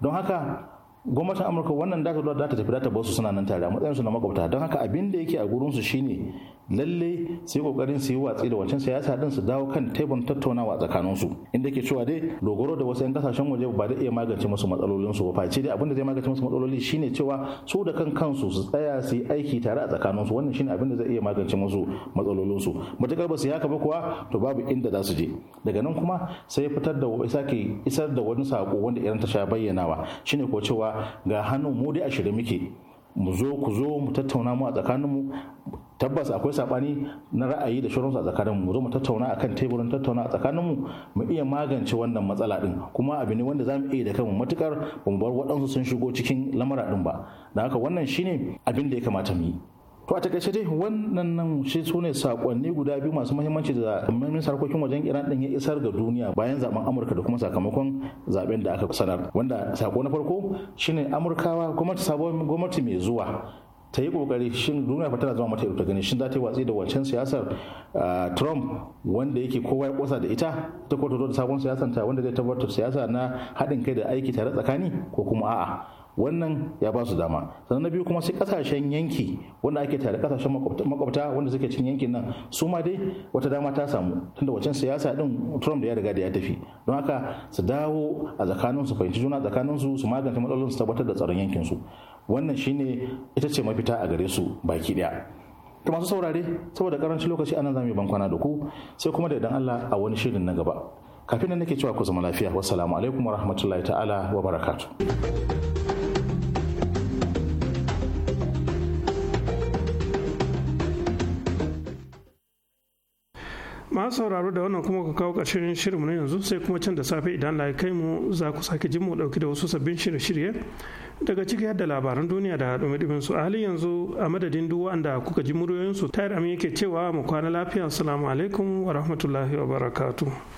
don haka gwamnatin amurka wannan data da ta tafi data basu suna nan tare a matsayinsu na makwabta don haka abin da yake a gurinsu shine lalle sai kokarin su yi watsi da wancan siyasa din su dawo kan tebun tattaunawa tsakaninsu inda ke cewa dai dogaro da wasu 'yan kasashen waje ba zai iya magance musu su ba face dai abin da zai magance musu matsaloli shine cewa su da kan kansu su tsaya su yi aiki tare a tsakaninsu wannan shine abin da zai iya magance musu matsalolinsu matukar ba su yaka ba kuwa to babu inda za su je daga nan kuma sai fitar da isar da wani sako wanda irin ta sha bayyanawa shine ko cewa ga hannun mu dai a shirye muke mu zo ku zo mu tattauna mu a tsakaninmu tabbas akwai sabani na ra'ayi da shirinsu a tsakaninmu mu zo mu tattauna akan teburin tattauna a tsakaninmu mu iya magance wannan matsala din kuma abu ne wanda zamu iya da kanmu matukar ba bar waɗansu sun shigo cikin lamara din ba da haka wannan shine abin da ya kamata mu yi to a takaice dai wannan nan shi su ne sakonni guda biyu masu mahimmanci da mamin sarkokin wajen iran din ya isar ga duniya bayan zaben amurka da kuma sakamakon zaben da aka sanar wanda sako na farko shine amurkawa gwamnati sabon gwamnati mai zuwa ta yi kokari shin duniya fa tana zama mata ta gani shin za ta yi watsi da wancan siyasar trump wanda yake kowa ya kosa da ita ta kwatoto da sabon siyasanta wanda zai tabbatar siyasa na haɗin kai da aiki tare tsakani ko kuma a'a wannan ya ba su dama sannan na biyu kuma sai kasashen yanki wanda ake tare kasashen makwabta wanda suke cin yankin nan su ma dai wata dama ta samu tunda wacan siyasa din Trump da ya riga da ya tafi don haka su dawo a tsakanin su fahimci juna tsakanin su su magance matsalolin su tabbatar da tsaron yankin su wannan shine ita ce mafita a gare su baki daya ta masu saurare saboda karancin lokaci anan zamu yi bankwana da ku sai kuma da idan Allah a wani shirin na gaba kafin nan nake cewa ku zama lafiya wassalamu alaikum wa rahmatullahi ta'ala wa barakatu. masu sauraro da wannan kuma ka kawo ƙarshen shirinmu na yanzu sai kuma can da safe idan la kai mu za ku sake jin mu dauki da wasu sabbin shirye-shirye daga ciki yadda labaran duniya da dumi su a halin yanzu a madadin duk wanda kuka ji muryoyinsu tayar amin yake cewa mu kwana lafiya assalamu alaikum wa rahmatullahi wa barakatuh